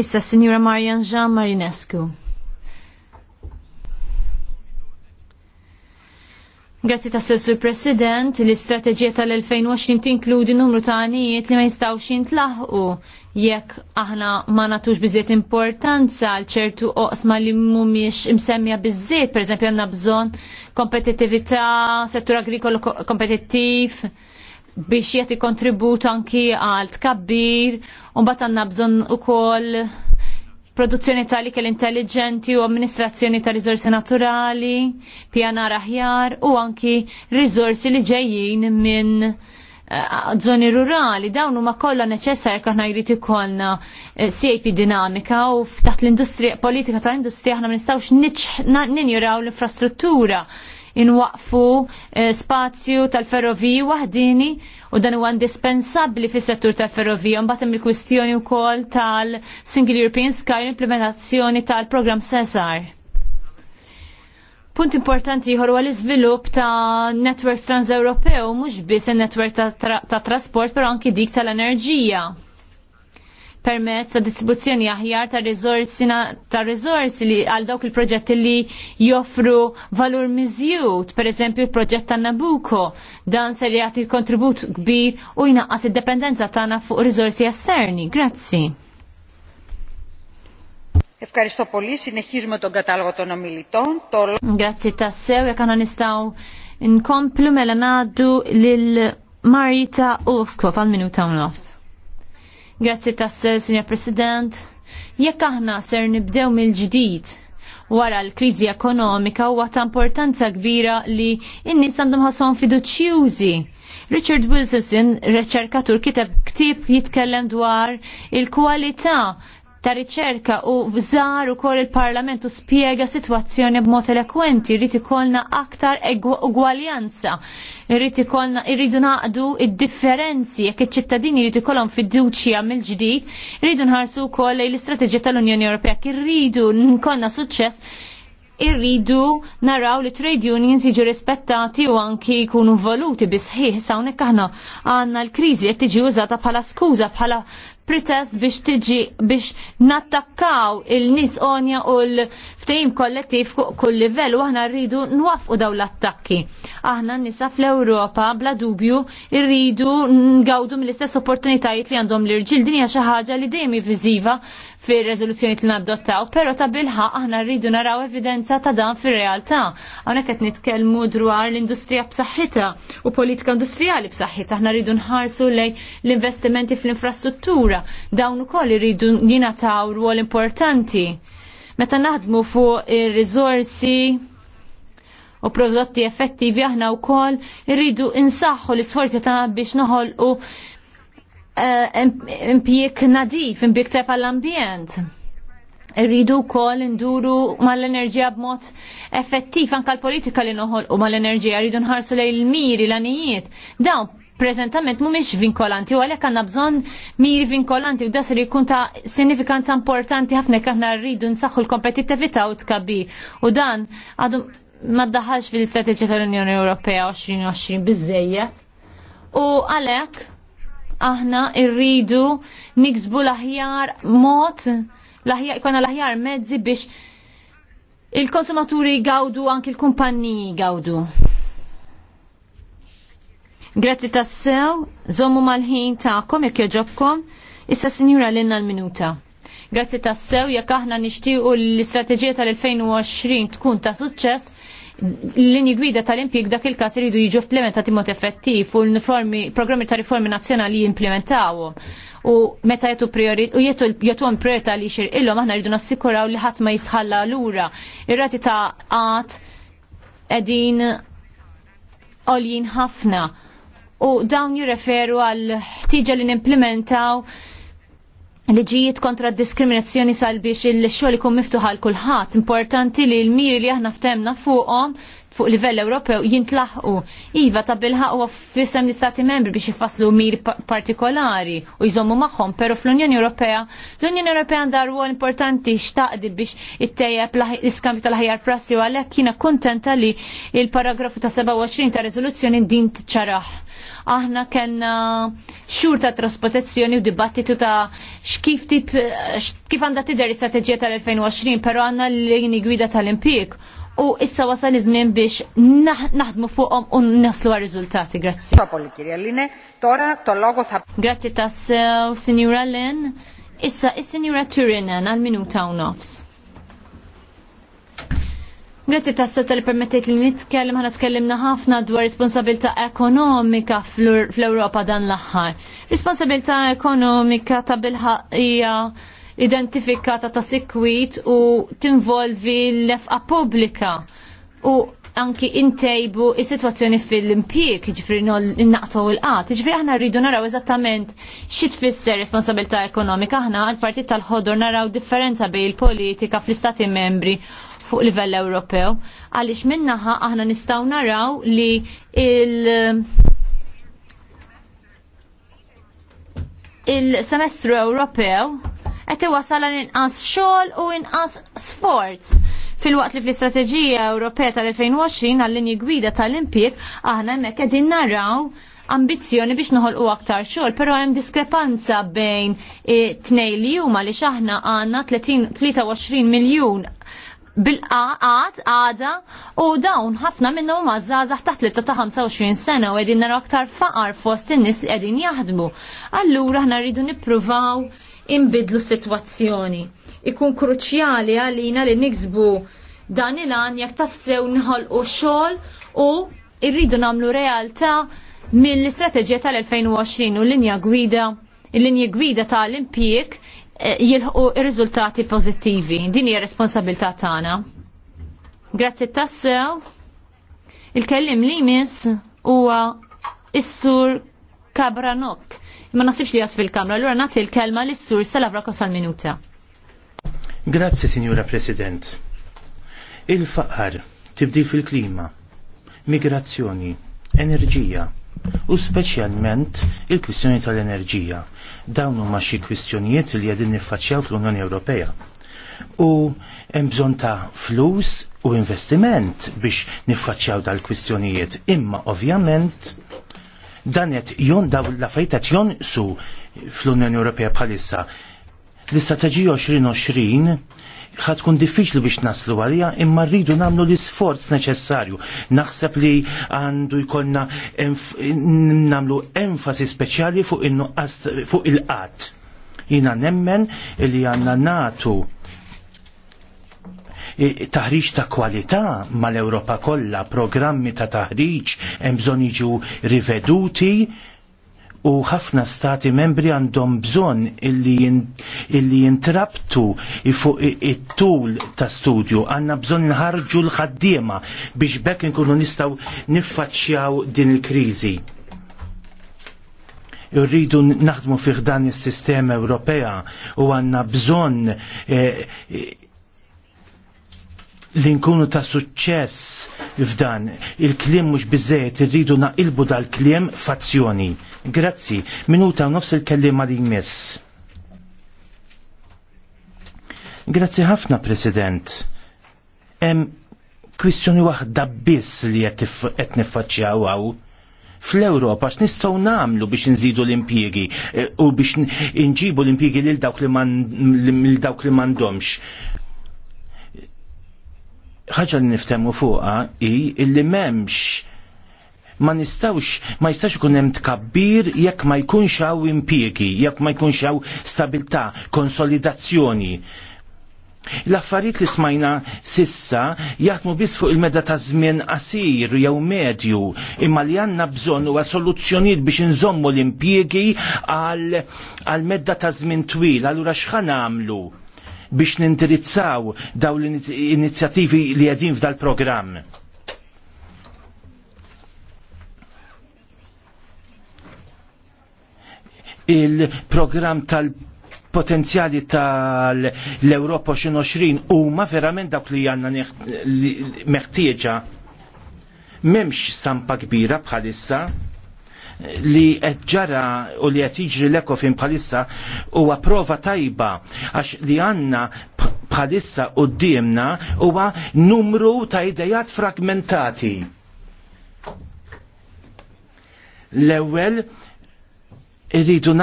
D: Issa, Signora Marian Jean Marinescu. Grazzi ta' Sessur President, l-istrateġija tal-2020 tinkludi numru ta' għanijiet li ma jistawx jintlaħqu jekk aħna ma natux bizziet importanza għal ċertu oqsma li mumiex imsemmija biżiet, per eżempju għanna bżon kompetitività, settur agrikol kompetittiv biex jeti kontributu anki għal tkabbir, un bat għanna bżon u koll produzzjoni tal-ikel intelligenti u amministrazzjoni ta' risorsi naturali, pjanar aħjar u anki risorsi li ġejjin minn eh, zoni rurali, dawn huma kollha neċessarji aħna jrid ikollna eh, CAP dinamika u taħt l-industrija politika tal-industrija aħna ma nistgħux ninjuraw l-infrastruttura inwaqfu eh, spazju tal-ferroviji waħdini u dan huwa indispensabbli fis-settur tal-ferrovija mbagħad hemm il-kwistjoni wkoll tal-Single European Sky l-implementazzjoni tal-programm Cesar. Punt importanti jħor għal iżvilupp ta' networks transeuropew mhux biss in netwerk ta' trasport però anki dik tal-enerġija permezz ta' distribuzzjoni aħjar ta' risorsi ta' riżorsi li għal dawk il-proġetti li joffru valur miżjud, pereżempju il-proġett ta' Nabucco, dan se jagħti kontribut kbir u jnaqqas id-dependenza tagħna fuq risorsi esterni. Grazzi.
E: Ευχαριστώ πολύ. Συνεχίζουμε τον κατάλογο των ομιλητών.
D: Grazie tassew, jekk għana nistaw nkomplu mela ngħaddu lil Marita Ulskov għal minuta u nofs. Grazzi tassew, Signor President. Jekk aħna ser nibdew mill-ġdid wara l-kriżi ekonomika huwa ta' importanza kbira li n-nies għandhom ħassom fiduċjużi. Richard Wilson, reċerkatur kiteb ktib jitkellem dwar il-kwalità ta' riċerka u żar ukoll il-Parlament u spjega sitwazzjoni b'mod elekwenti. rrit ikollna aktar ugwaljanza, rrit ikollna irridu naqdu id-differenzi jekk iċ-ċittadini jrid ikollhom fiduċja mill-ġdid, rridu nħarsu wkoll l-istrateġija tal-Unjoni Ewropea irridu nkollna suċċess irridu naraw li trade unions jiġu rispettati u anki jkunu voluti bisħiħ sa hawnhekk aħna għandna l-kriżi qed tiġi użata bħala skuża bħala pretest biex tiġi biex nattakkaw il-nis onja u l-ftehim kollettiv fuq kull livell u aħna rridu nwafqu daw l-attakki. Aħna nisa fl-Ewropa bla dubju rridu ngawdu mill-istess opportunitajiet li għandhom l-irġil dinja xi ħaġa li dejjem viżiva fir-reżoluzzjoni li naddottaw, però ta' bilħa aħna rridu naraw evidenza ta' dan fir-realtà. Hawnhekk qed nitkellmu dwar l-industrija b'saħħitha u politika industrijali b'saħħitha aħna rridu nħarsu lejn l-investimenti fl-infrastruttura Dawn ukoll iridu jingħataw rwol importanti. Meta naħdmu fuq ir-riżorsi u prodotti effettivi aħna wkoll irridu insaħħu l-isforzi tagħna biex noħolqu eh, impjieg nadif, impjieg tajb għall-ambjent. Irridu wkoll induru mal-enerġija b'mod effettiv anke l-politika li noħolqu mal-enerġija, rridu nħarsu lejn il-miri, l-anijiet. Dawn prezentament mhumiex vinkolanti u għalhekk għandna bżonn miri vinkolanti u dasri jkun ta' sinifikanza importanti ħafna jekk aħna rridu nsaħħu l-kompetittività u tkabbir. U dan għadu ma ddaħħalx fil-istrateġija tal-Unjoni Ewropea 2020 bizzeja. U għalhekk aħna rridu niksbu l-aħjar mod, l-aħjar jkollna l-aħjar mezzi biex il-konsumaturi gawdu anki l-kumpanniji gawdu. Grazzi tassew, zommu mal-ħin ta'kom jekk joġobkom, issa sinjura l-inna l-minuta. Grazzi tassew, jekk aħna nixtiequ l-istrateġija tal-2020 tkun ta' suċċess, l-linji gwida tal-impjeg dak il-kas iridu jiġu implementati mod effettiv u l-programmi ta' riformi nazzjonali jimplementawu. U meta jetu priorit, u jetu jetu priorità li xir illum aħna rridu nassikuraw li ħadd ma jistħalla lura. ura rati ta' għat edin oljin ħafna u dawn jirreferu għal ħtiġa li nimplementaw liġijiet kontra diskriminazzjoni sal biex il-xogħol ikun miftuħ għal kulħadd. Importanti li l-miri li aħna ftemna fuqhom fuq livell Ewropew jintlaħqu. Iva ta' bilħaq u fissem l-istati membri biex jifaslu mir partikolari u jżommu magħhom, pero fl-Unjoni Ewropea, l-Unjoni Ewropea għandha rwol importanti xtaqdi biex ittejjeb l-iskambi tal-ħajar prassi u għalhekk kiena kuntenta li il-paragrafu ta' 27 ta' riżoluzzjoni din tċaraħ. Aħna kellna xhur ta' traspotezzjoni u dibattitu ta' xkif tip kif għandha tidher is-strateġija tal-2020, pero għandna l-lini gwida tal-impjeg u issa wasal iż-żmien biex naħdmu fuqhom u naslu għar-riżultati. Grazzi. Grazzi tassew, Sinjura Lynn. Issa is-Sinjura Turinen għal-minuta u nofs. Grazzi tas-sew tal-permettet li nitkellem ħana tkellimna ħafna dwar responsabilta ekonomika fl-Europa dan l-aħħar. Responsabilta ekonomika ta' bilħaqija identifikata ta' sikwit u tinvolvi l-lefqa pubblika u anki intejbu is-sitwazzjoni fil-impjek, ġifri n-naqtu l-qat, ġifri aħna rridu naraw eżattament xit fisser responsabilità ekonomika, aħna għal-partit tal-ħodur naraw differenza bej il-politika fl-istati membri fuq livell Ewropew, għaliex minnaħa aħna nistaw naraw li il- il-semestru Ewropew qed iwasal inqas xogħol u inqas sports. Fil-waqt li fl-Istrateġija Ewropea tal-2020 għall-linji gwida tal-impjieg aħna hemmhekk qegħdin naraw ambizzjoni biex noħolqu aktar xogħol, però hemm diskrepanza bejn t-nej li huma li xaħna għandna 23 miljun bil-qaqat għada u dawn ħafna minnhom huma żgħażagħ taħt li ta' 25 sena u qegħdin naraw aktar faqar fost in-nies li qegħdin jaħdmu. Allura aħna rridu nippruvaw imbidlu s-sitwazzjoni. Ikun kruċjali għalina li niksbu dan il-għan jak tassew nħolqu xogħol u irridu namlu realtà mill-istrateġija tal-2020 u l-linja gwida l linji gwida tal-impjek eh, jilħu ir-riżultati pożittivi. Din hija responsabilità tagħna. Grazzi tassew. Il-kellim li miss huwa is-sur Kabranok imma nasibx li għat fil-kamra, l-għura nati l-kelma l-sur Salavra Kosal Minuta.
B: Grazzi, Signora President. Il-faqar, tibdil fil-klima, migrazzjoni, enerġija, u speċjalment il-kwistjoni tal-enerġija. Dawn huma xi kwistjonijiet li qegħdin niffaċċjaw fl-Unjoni Ewropea. U hemm bżonn ta' flus u investiment biex niffaċċjaw dal-kwistjonijiet, imma ovvjament danet jon daw l jon jonqsu fl-Unjoni Ewropea bħalissa. L-istrateġija 2020 ħad tkun diffiċli biex naslu għalija imma rridu namlu l-isforz neċessarju. Naħseb li għandu jkollna enf namlu enfasi speċjali fuq il-qatt. Jina nemmen li għanna natu taħriġ ta' kwalità mal-Ewropa kollha, programmi ta' taħriġ hemm bżonn jiġu riveduti u ħafna stati membri għandhom bżonn illi jintrabtu fuq it-tul ta' studju, għandna bżonn nħarġu l-ħaddiema biex bekk nkunu nistgħu niffaċċjaw din il-kriżi. Irridu naħdmu fih dan is-sistema Ewropea u għandna bżonn eh, li nkunu ta' suċċess f'dan. Il-kliem mhux biżejjed irridu naqilbu dal-kliem fazzjoni. Grazzi, minuta nofs il-kelliem li jmiss. Grazzi ħafna, President. Em kwistjoni waħda biss li qed niffaċċjaw hawn fl-Europa x'nistgħu nagħmlu biex nżidu l-impjiegi eh, u biex nġibu l-impjiegi lil dawk li dawk li m'għandhomx ħaġa li niftemu fuqa i illi memx ma nistawx ma jistax ikun hemm tkabbir jekk ma jkunx hawn impjiegi, jekk ma jkunx hawn stabilità, konsolidazzjoni. L-affarijiet li smajna sissa jaħdmu biss fuq il-meda ta' żmien qasir jew medju, imma li għandna bżonn huwa soluzzjonijiet biex inżommu l-impjiegi għal medda ta' żmien twil, allura x'ħan nagħmlu biex nindirizzaw daw l-inizjattivi li għedin f'dal-programm. Il-programm tal potenzjali tal-Europa 2020 huma verament dawk li għanna meħtieġa memx stampa kbira bħalissa li qed ġara u li qed jiġri l f'in bħalissa huwa prova tajba għax li għandna bħalissa qudiemna huwa numru ta' idejat fragmentati. L-ewwel irridu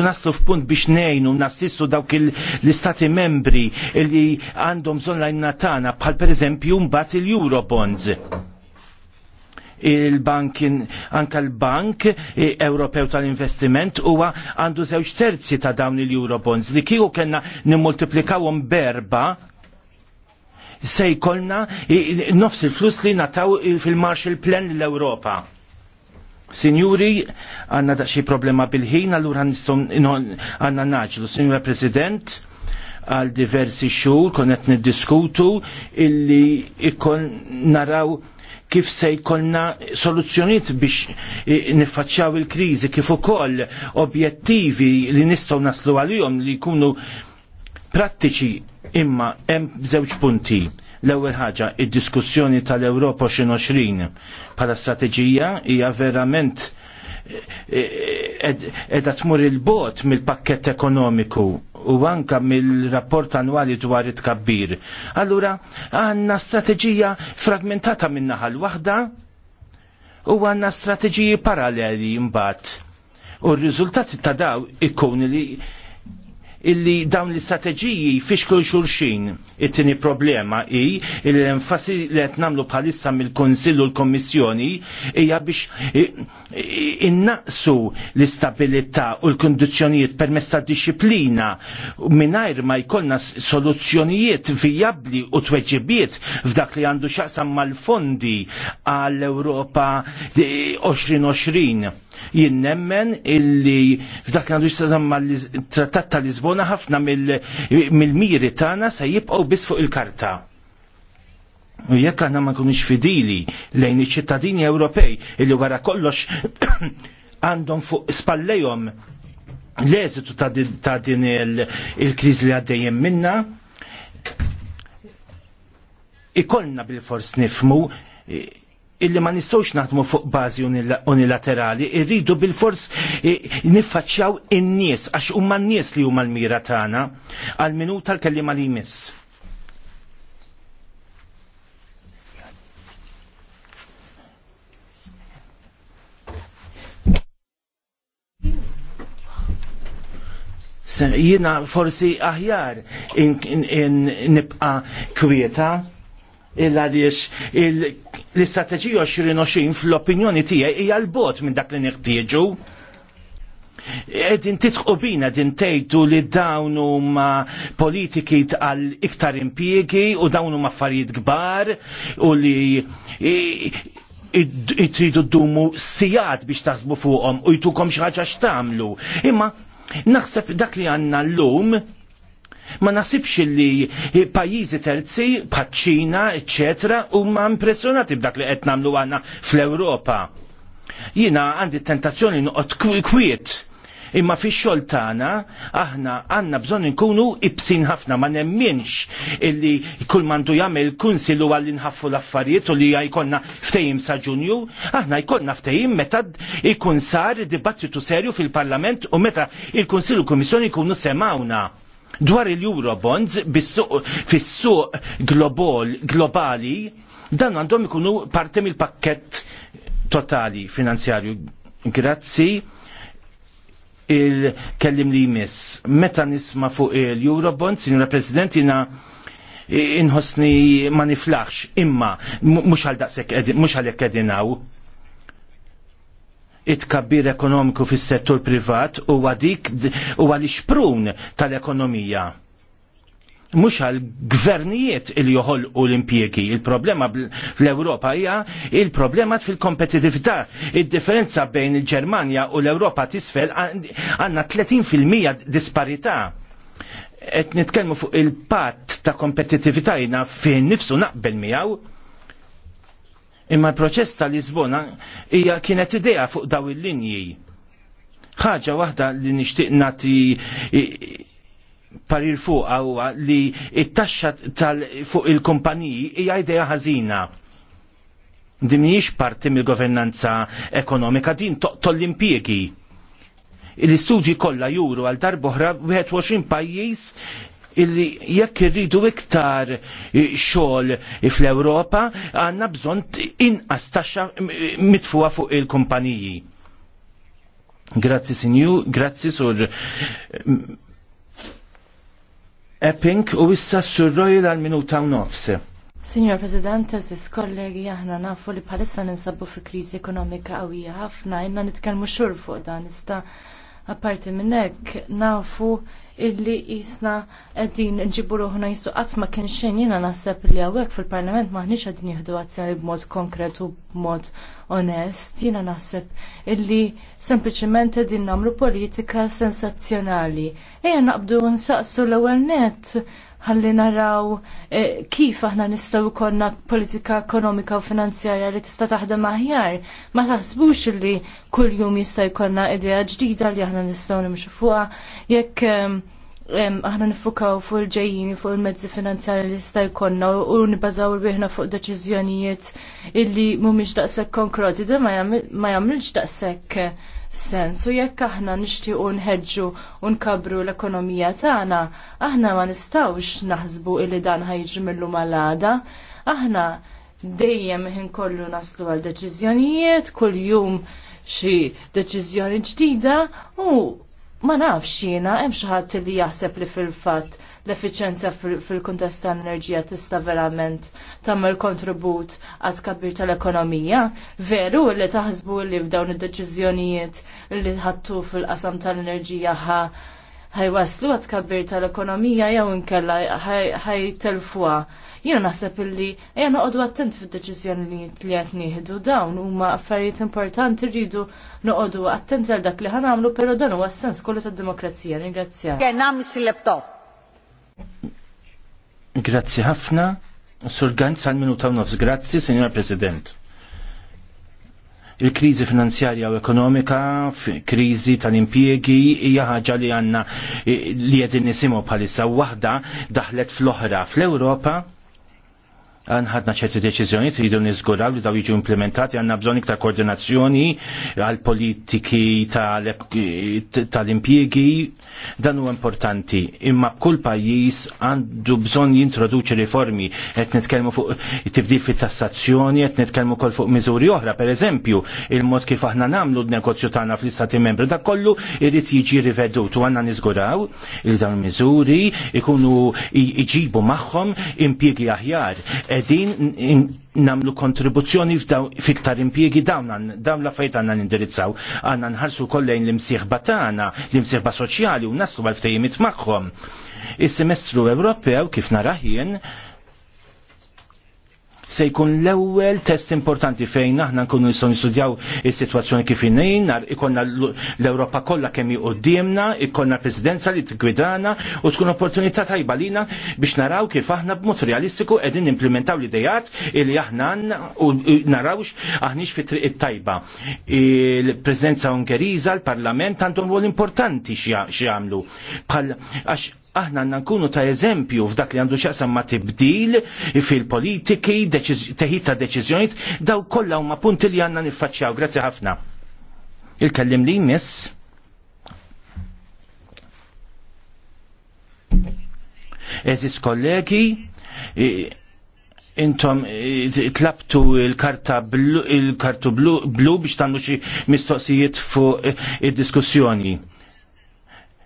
B: naslu f'punt biex nejnu nassistu dawk l-istati membri li għandhom zon lajn bħal per eżempju mbagħad il-Eurobonds il-bank anka l-Bank Ewropew tal-Investiment huwa għandu żewġ terzi ta' dawn il-Eurobonds li kieku kellna nimmultiplikawhom berba se jkollna nofs il-flus li nataw fil-Marshall Plan l-Ewropa. Sinjuri, għanna daċi problema bil-ħin, għallura għanna naġlu, Signora President, għal diversi xur, konet niddiskutu, illi ikon naraw kif se jkollna soluzzjoniet biex eh, niffaċċjaw il-kriżi kif ukoll objettivi li nistgħu naslu għalihom li jkunu prattiċi imma hemm żewġ punti. L-ewwel ħaġa id-diskussjoni tal-Ewropa 2020 bħala strateġija hija verament eh, eh, edha tmur il-bot mill-pakket ekonomiku u anka mill-rapport annwali dwar it-kabbir. Allura, għanna strateġija fragmentata minnaħal waħda u għanna strateġiji paralleli imbat. U r-riżultati ta' daw ikkun li illi dawn l-istrateġiji kull xulxin. It-tini problema i illi l-enfasi li qed nagħmlu bħalissa mill konsillu u l-Kommissjoni hija biex innaqsu l-istabilità u l kondizjonijiet permezz ta' disciplina mingħajr ma jkollna soluzzjonijiet vijabbli u tweġibiet f'dak li għandu x'aqsam mal-fondi għall-Ewropa 2020 Jien nemmen illi f'dak għandu xtazamma l-trattat ta' Lisbona ħafna mill-miri tagħna se jibqgħu biss fuq il-karta. U jekk aħna ma kunux fidili lejn iċ-ċittadini Ewropej illi wara kollox għandhom fuq spallejhom l-eżitu ta' din il-kriżi li għaddejjem minna, ikollna bil-fors nifmu illi ma nistgħux naħdmu fuq bażi unilaterali, irridu bil-fors e, niffaċċjaw in-nies għax huma n-nies li huma l-mira tagħna għal minuta l-kellima li jmiss. Jina forsi aħjar nibqa kwieta il-għaliex l-istrateġija 2020 fl-opinjoni tiegħi hija l-bot minn dak li nirtieġu. Edin titħu bina din tejtu li dawn huma politiki tal iktar impjiegi u dawn huma affarijiet kbar u li tridu d-dumu sijat biex taħsbu fuqhom u jtukom xi ħaġa Imma naħseb dak li għandna llum Ma naħsibx li pajjiżi terzi bħaċ-Ċina, eċetera, huma impressjonati b'dak li qed nagħmlu għandna fl-Ewropa. Jiena għandi tentazzjoni noqgħod kwiet imma fi xogħol tagħna aħna għandna bżonn inkunu ibsin ħafna ma nemminx illi kull mandu jagħmel kunsil huwa li nħaffu l-affarijiet u li jkollna ftehim sa Ġunju, aħna jkollna ftehim meta ikun sar dibattitu serju fil-Parlament u meta il-Kunsill u l-Kummissjoni jkunu semawna Dwar il-Eurobonds fis-suq globali dan għandhom ikunu parti mill-pakket totali finanzjarju. Grazzi il-kellim li jmiss. Meta nisma fuq il eurobonds Signora President, jina inħosni ma niflaħx imma mhux għal daqsek mhux għalhekk qegħdin edinaw it-kabbir ekonomiku fis-settur privat u għadik u għal-ixprun tal-ekonomija. Mhux għal gvernijiet il joħolqu l impiegi Il-problema fl ewropa hija il-problema fil-kompetitività. il differenza bejn il-Ġermanja u l-Ewropa tisfel għandna 30% disparità. Et nitkellmu fuq il-patt ta' kompetitività jina fi nifsu naqbel miegħu Imma l-proċess tal-Lisbona hija kienet idea fuq daw il-linji. Ħaġa waħda li nixtieq nagħti parir fuq huwa li it-taxxa tal fuq il-kumpaniji hija idea ħażina. Din mhijiex parti mill-governanza ekonomika, din toqtol l-impjiegi. l istudji kollha juru għal darboħra 21 pajjiż illi jekk irridu iktar xogħol fl-Ewropa għandna bżonn inqas taxxa mitfuha fuq il-kumpaniji. Grazzi sinju, grazzi sur eh, Epping u issa sur Royal għal minuta u
F: Signor President, eżis kollegi, aħna nafu li bħalissa ninsabu fi krizi ekonomika qawwija ħafna, jenna nitkellmu xur fuq dan, nista' Apparti minn hekk nafu illi jisna għedin ġibu ruħna jistu għatma kien xejn jina naħseb li għawek fil-parlament maħniċ għedin jihdu azzjoni b'mod konkret u b'mod onest. Jina naħseb illi sempliciment għedin namlu politika sensazzjonali. Eja naqbdu nsaqsu l-ewel net ħalli naraw eh, kif aħna nistgħu jkollna politika ekonomika u finanzjarja li tista' taħdem aħjar. Ma taħsbux li kuljum jista' jkollna idea ġdida li aħna nistgħu nimxu fuqha jekk aħna nifukaw fuq il-ġejjini fuq il-mezzi finanzjarji li jista' jkollna u nibbażaw rbiħna fuq deċiżjonijiet illi mhumiex daqshekk konkreti, da ma jagħmilx daqshekk sens u jekk aħna nixtiequ nħeġġu u nkabru l-ekonomija tagħna, aħna ma nistgħux naħsbu li dan ħajġi millu mal-għada. Aħna dejjem inkollu naslu għal deċiżjonijiet, kuljum xi deċiżjoni ġdida u ma nafx jiena hemm xi ħadd li jaħseb li fil-fatt l-efficienza fil-kuntest tal-enerġija tista' verament tagħmel kontribut għal kabir tal-ekonomija. Veru li taħsbu li f'dawn id-deċiżjonijiet li ħattu fil-qasam tal-enerġija ħa ħajwaslu għat kabbir tal-ekonomija jew inkella ħajtelfuha. Jiena naħseb illi ejja noqogħdu attent fid-deċiżjonijiet li qed nieħdu dawn huma affarijiet importanti rridu noqogħdu attent għal dak li ħanamlu, però dan huwa sens kollu tad-demokrazija. Ringrazzja.
D: Kien hemm laptop
B: Grazzi ħafna. Sur sal għal minuta nofs. Grazzi, Signor President. Il-krizi finanzjarja u ekonomika, krizi tal impiegi hija ħaġa li għanna li qegħdin nisimgħu bħalissa waħda daħlet fl-oħra fl-Ewropa għanħadna ċerti deċizjoni tridu nizguraw li daw jiġu implementati għanna bżon ta' koordinazzjoni għal politiki tal impiegi dan huwa importanti imma b'kull pajjiż għandu bżon jintroduċi riformi qed nitkellmu fuq tibdil fit-tassazzjoni qed nitkellmu wkoll fuq miżuri oħra pereżempju il-mod kif aħna nagħmlu d-negozju tagħna fl-istati membri dak kollu irid jiġi rivedut u għandna niżguraw li dawn il-miżuri ikunu iġibu magħhom impjiegi aħjar edin namlu kontribuzzjoni fil-tar impjegi dawn dawn la fejt għanna nindirizzaw. Għanna nħarsu kollejn l-imsieħba tagħna, l-imsieħba soċjali u naslu għal ftejjimiet magħhom. Is-semestru Ewropew kif narahjen se jkun l-ewwel test importanti fejn aħna nkunu nistgħu nistudjaw is-sitwazzjoni kif nar ikollna l-Ewropa kollha kemm hi qudiemna, ikollna presidenza li tigwidana u tkun opportunità tajba lina biex naraw kif aħna b'mod realistiku qegħdin nimplementaw l-idejat li aħna għandna u narawx aħniex fi triq it-tajba. Il-Presidenza Ungeriża, l-Parlament għandhom rwol importanti x'jagħmlu. Bħal aħna għanna nkunu ta' eżempju f'dak li għandu xaqsam ma' tibdil fil-politiki, teħid ta' deċizjoniet, daw kollha huma punti li għanna niffaċċjaw. Grazzi ħafna. Il-kellim li miss. Eżis kollegi, intom tlabtu il-karta blu, il-kartu blu, blu biex tagħmlu xi mistoqsijiet fuq id-diskussjoni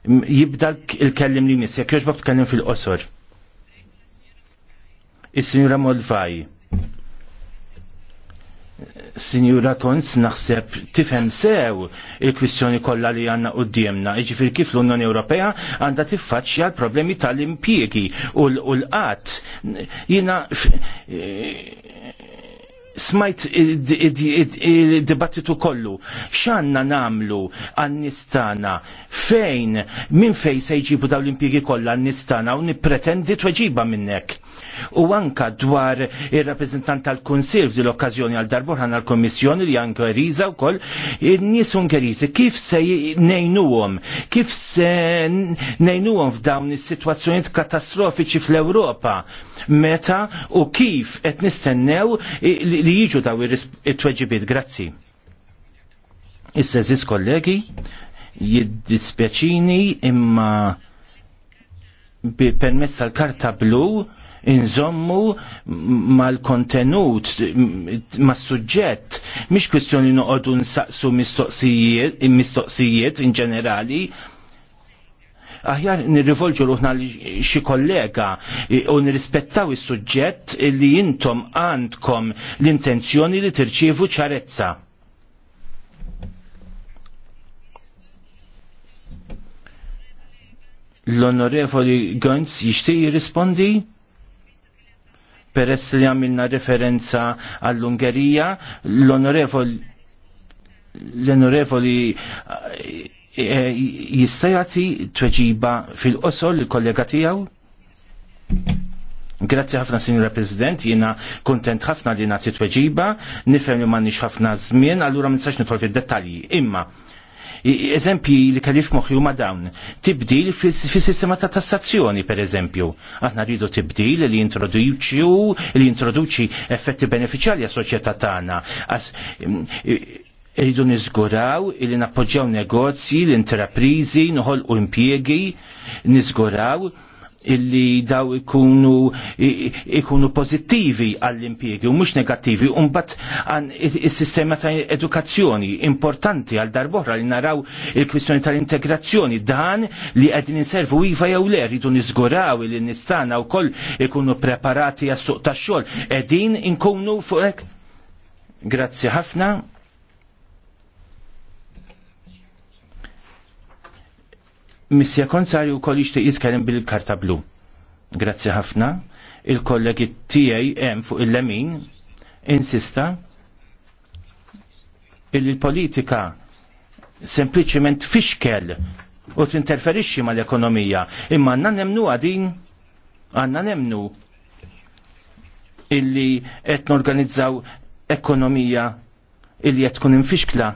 B: jibda il-kellim li nis, jek joġbok t-kellim fil-qosor. Is-Sinjura Molvaj. Sinjura Konz naħseb tifhem sew il-kwistjoni kollha li għandna qudiemna, jiġifieri kif l-Unjoni Ewropea għandha tiffaċċja l-problemi tal-impjiegi u l-qatt. Jina smajt id-dibattitu kollu. xanna namlu għannistana nistana fejn minn fejn se jġibu dawn l-impjiegi kollha għan-nistana u nippretendi tweġiba minnek U anka dwar il-rappresentant tal-Kunsil l okkażjoni għal darborħan għal kommissjoni li Ungheriza u koll, n-nies Ungherizi kif se nejnuhom, kif se nejnuhom f'dawn is-sitwazzjonijiet katastrofiċi fl-Ewropa, meta u kif qed nistennew li jiġu daw it-tweġibiet. Grazzi. Issa ziz kollegi, jiddispjaċini imma permess tal-karta blu inżommu mal-kontenut, mas-suġġett, mhix kwistjoni noqogħdu nsaqsu mistoqsijiet in ġenerali, aħjar nirrivolġu ruħna li xi kollega u nirrispettaw is-suġġett li intom għandkom l-intenzjoni li tirċievu ċarezza. L-onorevoli Gönz jixtieq jirrispondi? Peress li għamilna referenza għall-Ungerija, l-onorevoli eh, eh, jistajati tweġiba fil-qosol il-kollega tijaw? Grazzi ħafna, Signora President, jiena kontent ħafna li nagħti tweġiba, nifhem li m'għandniex ħafna żmien, allura ma nistax nidħol fid-dettalji. Imma Eżempji li kalif moħju ma dawn. Tibdil fis sistema ta' tassazzjoni, per eżempju. Aħna rridu tibdil li introduċi li introduċi effetti beneficjali għas soċjetà tagħna. Rridu niżguraw li nappoġġjaw negozji, l-intraprizi, noħolqu impjiegi, niżguraw illi daw ikunu ikunu pozittivi għall impiegi u mhux negattivi u mbagħad għan is-sistema ta' edukazzjoni importanti għal darbohra li naraw il-kwistjoni tal-integrazzjoni dan li qegħdin inservu iva jew le rridu niżguraw li nistana wkoll ikunu preparati għas-suq tax-xogħol qegħdin inkunu fuq Grazzi ħafna. Missja Konzarju wkoll jixtieq jitkellem bil-karta blu. Grazzi ħafna. Il-kollegi tiegħi hemm fuq il-lemin insista il-politika sempliċiment fixkel u tinterferixxi mal-ekonomija. Imma għandna nemnu għadin, għandna nemnu illi qed norganizzaw ekonomija illi qed tkun infixkla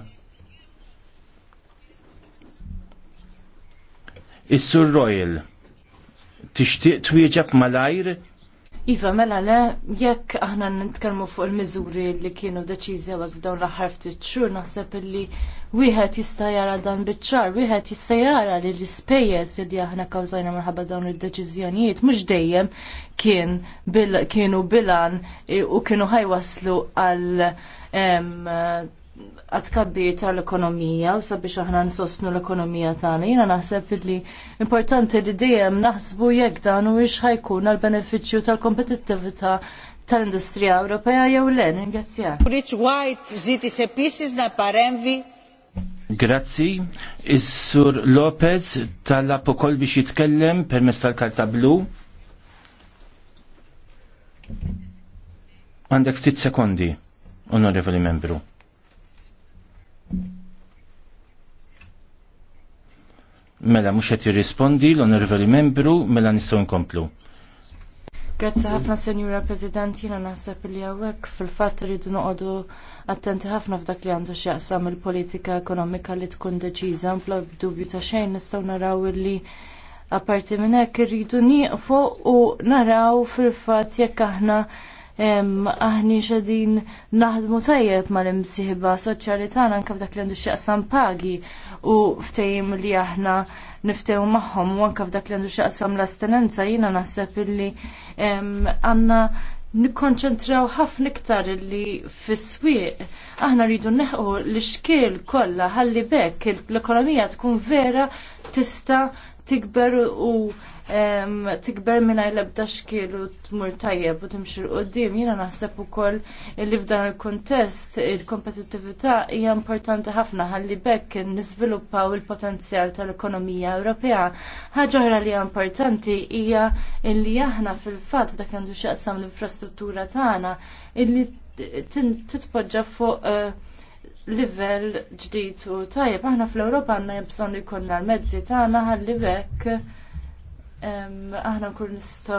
B: Is-Sur Royal, tixtieq twieġeb malajr?
F: Iva, mela le, jekk aħna nitkellmu fuq il-miżuri li kienu deċiżi għalek f'dawn l-aħħar ftit xhur naħseb illi wieħed jista' jara dan biċ-ċar, wieħed jista' jara li l-ispejjeż li aħna kawżajna minħabba dawn id-deċiżjonijiet mhux dejjem kien bil, kienu bilan u kienu ħajwaslu għal għatkabbir tal-ekonomija u sabiex aħna nsostnu l-ekonomija tagħna. Jiena naħseb li importanti li dejjem naħsbu jekk dan u ix ħajkun għal-benefiċċju tal-kompetittività tal-industrija Ewropea jew le, ringrazzjak. Rich White se is na parenvi.
B: Grazzi, is-Sur Lopez talab ukoll biex jitkellem permezz tal-karta blu. Għandek ftit sekondi, onorevoli membru. Mela mhux qed jirrispondi l-onorevoli membru mela nistgħu nkomplu.
F: Grazzi ħafna Senjura President, jiena naħseb li hawnhekk fil-fatt rridu noqogħdu attenti ħafna f'dak li għandu x'jaqsam il-politika ekonomika li tkun deċiża bla dubju ta' xejn nistgħu naraw li apparti minn hekk irridu nieqfu u naraw fil-fatt jekk aħna aħni xadin naħdmu tajjeb ma l-imsiħba soċjalità tagħna anke f'dak li għandu x'jaqsam pagi u ftejim li aħna niftew magħhom u anke f'dak li għandu x'jaqsam l-astenenza jiena naħseb illi għandna nikkonċentraw ħafna iktar li fis-swieq aħna rridu neħu l-xkiel kollha ħalli bekk l-ekonomija tkun vera tista' tikber u tikber minna l-ebda xkil u tmur tajjeb u timxir u d-dim. Jina naħseb u koll li f'dan il-kontest il-kompetitivita hija importanti ħafna ħalli bekk nisviluppaw il-potenzjal tal-ekonomija Ewropea. Ħaġa oħra li hija importanti hija illi aħna fil-fatt dak għandu xaqsam l-infrastruttura tagħna illi titpoġġa fuq eh, livell ġdid u tajjeb aħna fl-Ewropa għandna bżonn li jkollna l-mezzi tagħna ħallibek aħna nkun nistgħu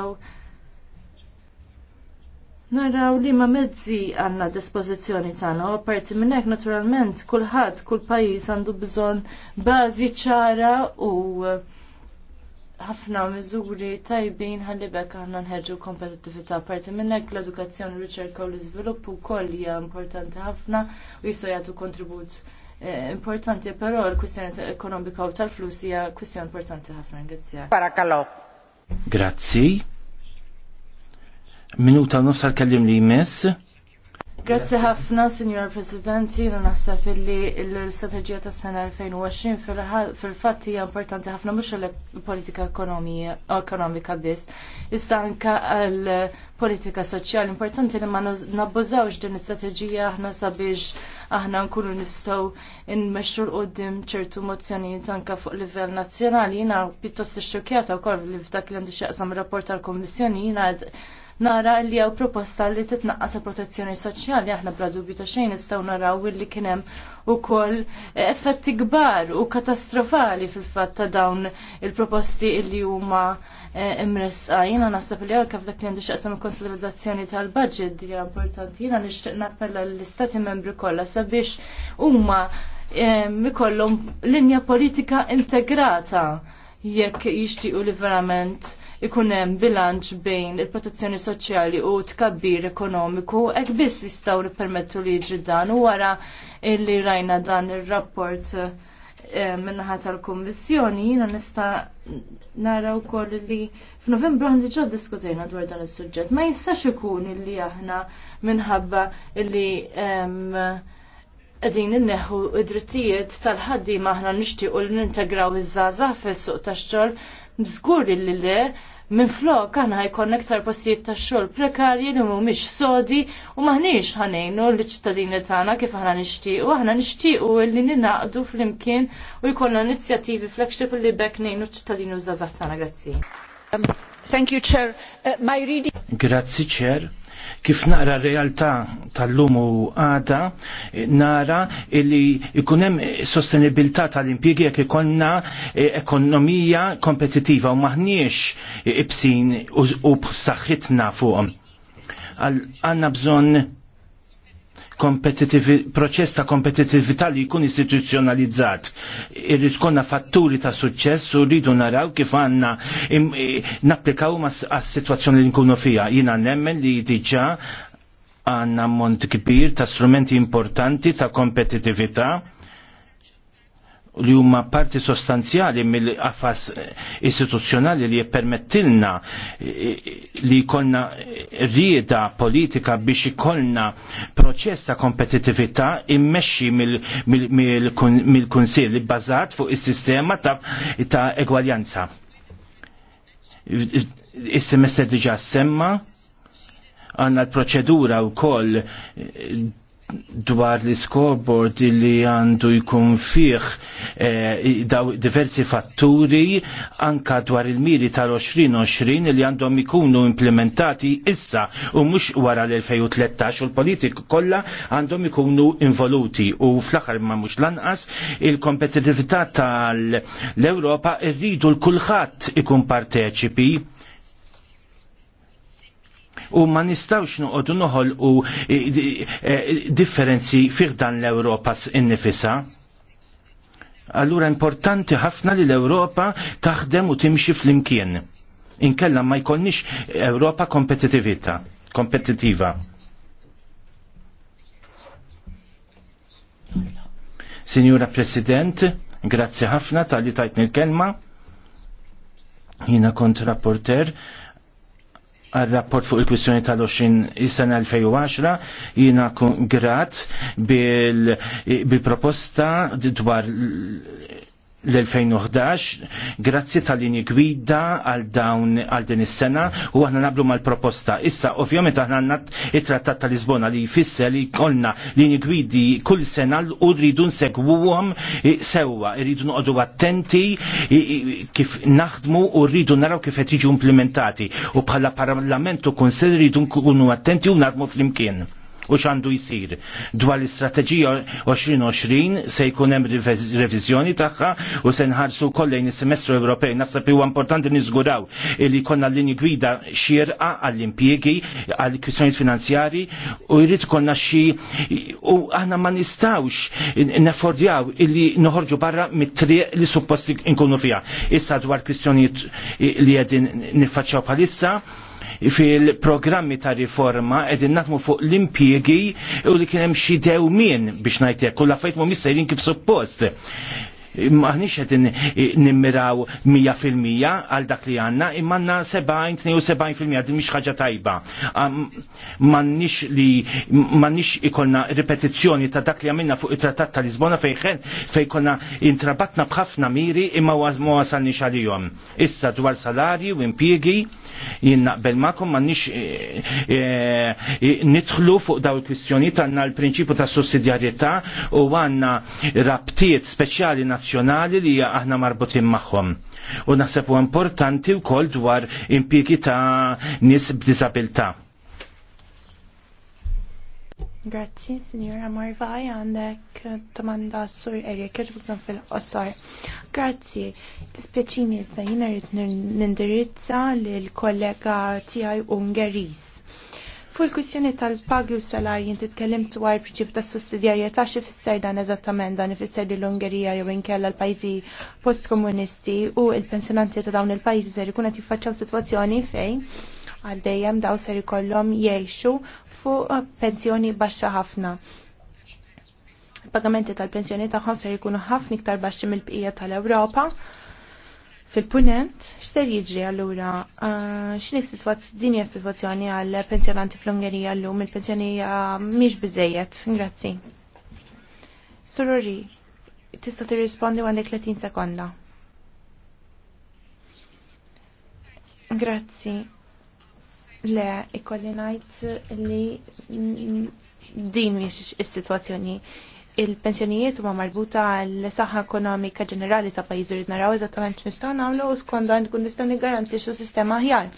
F: Naraw li ma mezzi għanna dispozizjoni tagħna u apparti minn hekk naturalment kulħadd kull pajjiż għandu bżonn bażi ċara u ħafna miżuri tajbin ħalli bekk aħna nħeġġu kompetittività. Parti minn hekk l-edukazzjoni, riċerka u l-iżvilupp ukoll hija importanti ħafna u jistgħu jagħtu kontribut Eh, importanti, però l questione ekonomika u tal-flus hija questione importanti ħafna. Grazie. Parakallo.
B: Grazzi. Minuta nofs għal-kellim li jmess.
F: Grazzi ħafna, Signor President, jina naħseb illi l-strategija ta' sena 2020 fil-fatt hija importanti ħafna mhux l-politika ekonomika biss, iżda anke għall politika soċjali importanti li ma nabbużawx din l-istrateġija aħna sabiex aħna nkunu nistgħu nmexxu l qudiem ċertu mozzjonijiet anke fuq livell nazzjonali. Jiena pjuttost ixxokkjata wkoll li f'dak li għandu x'jaqsam rapport tal-Kummissjoni jiena nara li hawn proposta li titnaqqas protezzjoni soċjali aħna bla dubju ta' xejn nistgħu naraw li kien hemm ukoll effetti kbar u katastrofali fil-fatt ta' dawn il-proposti li huma eh, imresqa. Jiena naħseb li għalka dak li għandu xaqsam konsolidazzjoni tal-budget li importanti. Jiena nixtieq nappella l-istati membri kollha sabiex huma eh, ikollhom linja politika integrata jekk jixtiequ li verament ikun hemm bilanċ bejn il-protezzjoni soċjali u tkabbir ekonomiku, hekk biss jistgħu nippermettu li jiġri dan u wara li rajna dan ir-rapport eh, min-naħa tal-Kommissjoni, jina nista nara u koll li f'Novembru għandi ġa diskutejna dwar dan il-sujġet. Ma jistax ikun illi aħna minħabba illi għedin inneħħu id-drittijiet tal-ħaddi maħna nishtiqu li nintegraw iż-żaza fil-suq tax-xogħol Mżgur li le, minn flok aħna ħajkon iktar postijiet ta' xogħol prekarji li mhumiex sodi u maħniex ħanejnu l-ċittadini tagħna kif aħna nixtiequ, aħna nixtiequ li ninaqdu flimkien u jkollna inizjattivi flagship li bekk ngħinu ċ-ċittadini u żgħażagħ tagħna. Grazzi. Thank you, Chair. Uh, my reading...
B: Grazzi, Chair kif naqra realtà tal-lum u għada, nara illi ikunem sostenibilità tal-impjegi jekk ikonna e, ekonomija kompetitiva u maħniex ibsin u b'saħħitna fuqhom. Għanna bżonn proċess ta' kompetitività li jkun istituzzjonalizzat. Irrid konna fatturi ta' suċċess u rridu naraw kif għandna napplikaw għas-sitwazzjoni li nkunu fija. Jiena nemmen li diġa' għandna mont kbir ta' strumenti importanti ta' kompetitività li huma parti sostanzjali mill-qafas istituzzjonali li jippermettilna e, e, li jkollna rieda politika biex ikollna proċess ta' kompetitività immexxi mill-Kunsill bbażat fuq is-sistema ta' egwaljanza. Is-semester diġà semma għandna l-proċedura wkoll dwar l scoreboard li għandu jkun fih eh, daw diversi fatturi anka dwar il-miri tal-2020 li għandhom ikunu implementati issa u mux wara l-2013 u l politik kollha għandhom ikunu involuti u fl-aħħar ma mhux lanqas il-kompetitività tal-Ewropa irridu l-kulħadd ikun parteċipi u ma nistawx nuqodu noħol u e, differenzi fih dan l-Ewropa innifisa. Allura importanti ħafna li l-Ewropa taħdem u timxi fl-imkien. Inkella ma jkollniex Ewropa kompetitivita, kompetitiva. Signora President, grazzi ħafna tal-li tajtni l-kelma. Jina kont rapporter għal-rapport fuq il-kwistjoni tal-20 sena 2010 jina grat bil-proposta dwar l-2011 grazzi tal-lini gwida għal dawn għal din is-sena u aħna nablu mal-proposta. Issa ovvjament għahna għandna it-Trattat tal-Lisbona li jfisser li jkollna lini gwidi kull sena u rridu għom sewwa, rridu noqogħdu attenti kif naħdmu u rridu naraw kif qed jiġu implementati u bħala Parlamentu u Kunsell rridu nkunu attenti u naħdmu flimkien u xandu jsir. Dwar l-istrateġija 2020 se jkun hemm reviżjoni tagħha u se nħarsu kollejn is-semestru Ewropej. Naħseb huwa importanti niżguraw li jkollna linji gwida xierqa għall-impjiegi, għall-kwistjonijiet finanzjari u jrid konna xi u aħna ma nistgħux nefordjaw illi noħorġu barra mit-triq li supposti nkunu fiha. Issa dwar kwistjonijiet li qegħdin niffaċċjaw bħalissa, fil-programmi ta' riforma qegħdin naħdmu fuq l-impjiegi u li kien hemm xi dewmien biex ngħidlek u l-affarijiet mhumiex sejrin kif suppost maħniex qed nimmiraw 100% għal dak li għandna, imma għandna 70-72% din mhix ħaġa tajba. M'għandniex li m'għandniex ikolna ripetizzjoni ta' dak li għamilna fuq it-Trattat ta' Lisbona fejn fejn konna intrabatna b'ħafna miri imma ma wasalniex għalihom. Issa dwar salarji u impjiegi jien naqbel magħkom m'għandniex e, e, e, nidħlu fuq daw il-kwistjoni tagħna l-prinċipju ta' sussidjarjetà u għandna rabtiet speċjali nazzjonali nazzjonali li aħna marbutin maħħom. U naħseb u importanti wkoll dwar impjiegi ta' nies b'diżabilità.
E: Grazzi, signora Morvai, għandek domanda sur erja kħeġbukżan fil-qosor. Grazzi, dispieċini iżda jina rrit nindirizza l-kollega tijaj Ungeris Fu' l kwistjoni tal-pagi u salarji inti tkellim dwar prinċip tas sussidjarjetà xi fisser dan eżattament dan ifisser li l-Ungerija jew inkella l-pajjiżi postkomunisti u l-pensjonanti ta' dawn il-pajjiżi ser ikun qed jiffaċċjaw sitwazzjoni fejn għal dejjem daw ser ikollhom jgħixu fuq pensjoni baxxa ħafna il-pagamenti tal-pensjoni tagħhom ser jkunu ħafna iktar baxxi mill-bqija tal-Ewropa fil-punent, x'ser jiġri allura? Ah, x'ni situazzjoni din hija situazzjoni għal pensjonanti fl-Ungerija llum il pensjoni mhix biżejjed. Grazzi. Sorori, tista' tirrispondi għandek 30 sekonda. Grazzi. Le, ikolli ngħid li din mhix is-sitwazzjoni il-pensjonijiet huma marbuta għal saħħa ekonomika ġenerali ta' pajjiż irid naraw eżattament x'nistgħu nagħmlu u skont dan tkun nistgħu niggarantixxu sistema aħjar.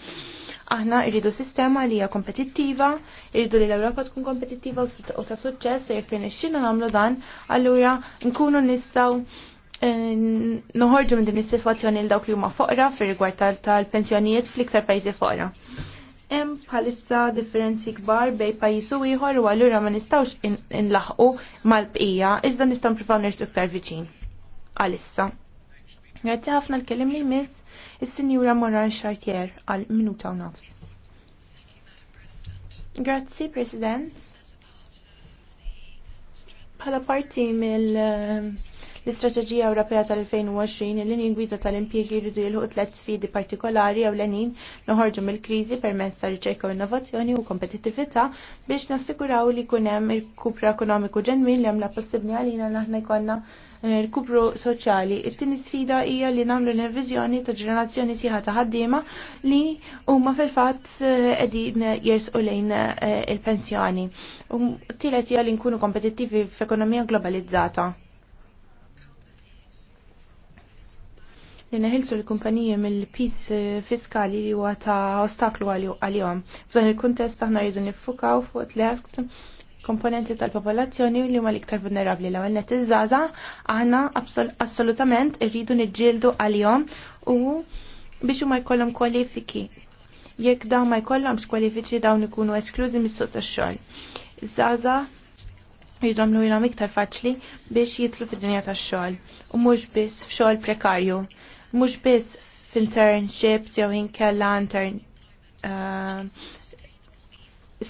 E: Aħna rridu sistema li hija kompetittiva, rridu li l-Ewropa tkun kompetittiva u ta' suċċess u jekk nixxinu nagħmlu dan, allura nkunu nistgħu eh, noħorġu minn din is-sitwazzjoni l dawk li huma foqra fir rigward tal-pensjonijiet fl-iktar pajjiżi foqra hemm bħalissa differenzi kbar bej pajjiż u ieħor u allura ma nistgħux inlaħqu mal-bqija iżda nistgħu nippruvaw nerġgħu iktar viċin. Għalissa. Grazzi ħafna l-kelim li miss is-Sinjura Moran Chartier għal minuta u nofs. Grazzi, President. Bħala parti mill- L-Istrateġija Ewropea tal-2020 il-linji gwida tal-impjiegi jridu jilħu tliet sfidi partikolari jew lenin noħorġu mill-kriżi permezz ta' riċerka u innovazzjoni u kompetittività biex nassiguraw li jkun hemm il kupru ekonomiku ġenwin li hemm la possibbli għalina li aħna jkollna il-kupru eh, soċjali. It-tieni sfida hija li nagħmlu revizjoni ta' ġenerazzjoni sieħa ta' ħaddiema li huma fil-fatt eh, qegħdin jersqu lejn eh, il-pensjoni. Tielet hija li nkunu kompetittivi f'ekonomija globalizzata. li neħilsu l-kumpanija mill piz eh, fiskali li huwa ta' ostaklu għal-jom. F'dan il-kuntest aħna rridu nifukaw fuq left komponenti tal-popolazzjoni li huma l-iktar vulnerabbli l-ewwel net iż żada aħna assolutament irridu niġġieldu għalihom u biex huma jkollhom kwalifiki. Jekk dawn ma jkollhomx kwalifiċi dawn ikunu esklużi mis-suq tax-xogħol. Iż-żgħażagħ jidomlu ilhom iktar faċli biex jitlu fid-dinja tax-xogħol u mhux biss f'xogħol prekarju mhux biss f'internships jew inkella intern uh,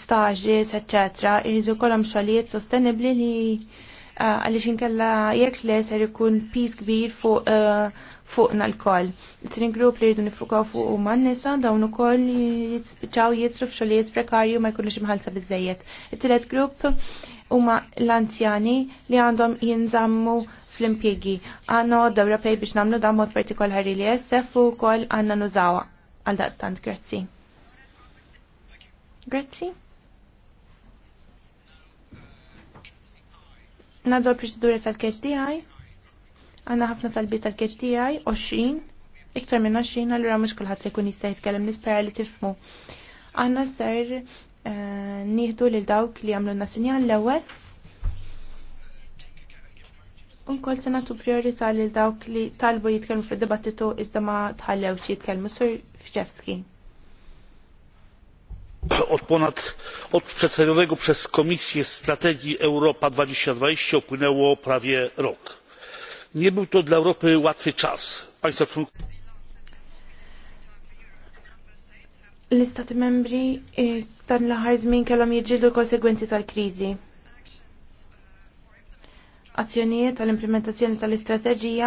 E: stages, etc. Irridu kolom xogħlijiet sostenibbli li uh, għaliex inkella jekk li ser ikun pis kbir fuq uh, fuqna l-koll. Tin grupp li jridu nifukaw fuq huma n-nisa dawn ukoll jispiċċaw jitru f'xogħlijiet prekarju ma jkunux imħallsa biżejjed. It-tielet grupp huma l-anzjani li għandhom jinżammu fl-impjegi għanna għodda fej biex namlu da mod partikolari li jessef u kol għanna nużawa għal daqstant, grazzi. Grazzi. Nadu l-proċedura tal-KHDI. Għanna ħafna tal-bit tal-KHDI, 20, iktar minn 20, għallura mux kullħat se jistaj jista' jitkellem nispera li tifmu. Għanna ser eh, nieħdu lil dawk li għamlu n-nasinjan l-ewwel Unkol se nagħtu priorità lil dawk li talbu jitkellmu fid-dibattitu iżda ma tħallewx jitkellmu sur Fċewski.
B: Od ponad od przedstawionego przez Komisję Strategii Europa 2020 upłynęło prawie rok. Nie był to dla Europy łatwy czas. Państwa członkowskie
E: l-istati membri eh, dan l-aħħar żmien kellhom jiġġieldu l-konsegwenzi tal-kriżi azzjonijiet tal-implementazzjoni tal-istrateġija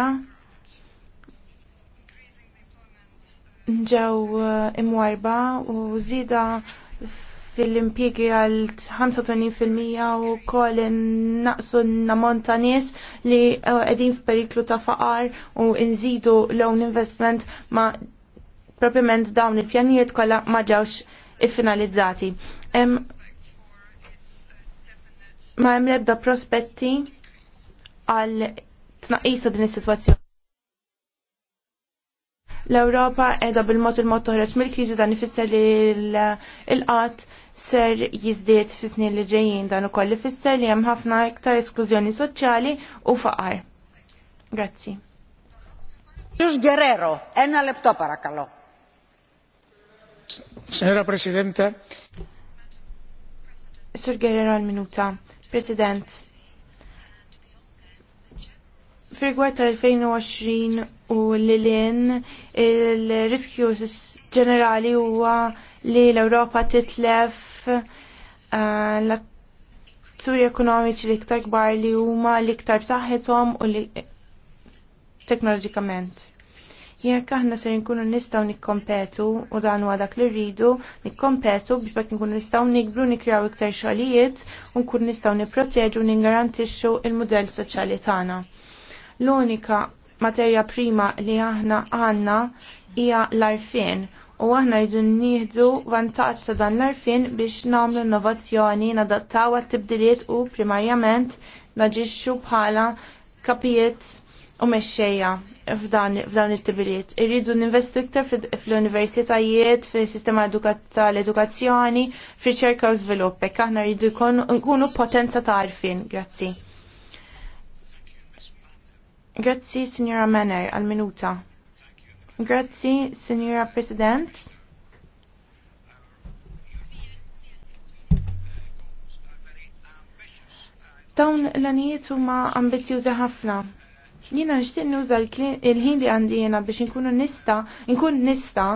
E: ġew eh, imwarba u żieda fil-impjegi għal 85% u koll naqsu namont ta' nies li eh, għedin f'periklu ta' faqar u nżidu l-own investment ma propriment dawn il-pjanijiet kolla ma ġewx iffinalizzati. Ma hemm lebda prospetti għal tnaqqisa din is-sitwazzjoni. L-Ewropa edha bil-mod il-mod toħroġ mill-kriżi dan ifisser li l-qatt ser jizdiet fis-snin li ġejjin dan ukoll ifisser li hemm ħafna iktar esklużjoni soċjali u faqar. Grazzi. Jus Guerrero, enna lepto parakallo.
B: Signora Presidente.
E: Sur Guerrero al minuta. President, fil tal-2020 u l-lin, il-riskju ġenerali huwa li l-Europa titlef eh, l-atturi ekonomiċi li ktar kbar li huma li ktar b'saħħithom u li eh, teknoloġikament. Jekk aħna ser nkunu nistgħu nikkompetu u dan huwa dak li rridu, nikkompetu biex bekk nkunu nistgħu nikbru nikraw iktar xogħlijiet u nkunu nistgħu nipproteġu u ningarantixxu il-mudell soċjali tagħna. L-unika materja prima li aħna għanna hija l-arfin u aħna jridu nieħdu vantaġġ ta' dan l-arfin biex nagħmlu innovazzjoni nadattaw għat-tibdiliet u primarjament naġixxu bħala kapijiet u mexxejja f'dawn it-tibdiliet. Irridu ninvestu iktar fl-universitajiet, fis-sistema tal-edukazzjoni, fir ċerka u żvilupp. Aħna rridu nkunu potenza ta' arfin. Grazzi. Grazzi, Signora Manner, al minuta Grazzi, Signora President. Dawn l-anijiet huma ambizjużi ħafna. Jiena nixtieq nuża l-ħin li għandi jiena biex inkunu nista, inkun nista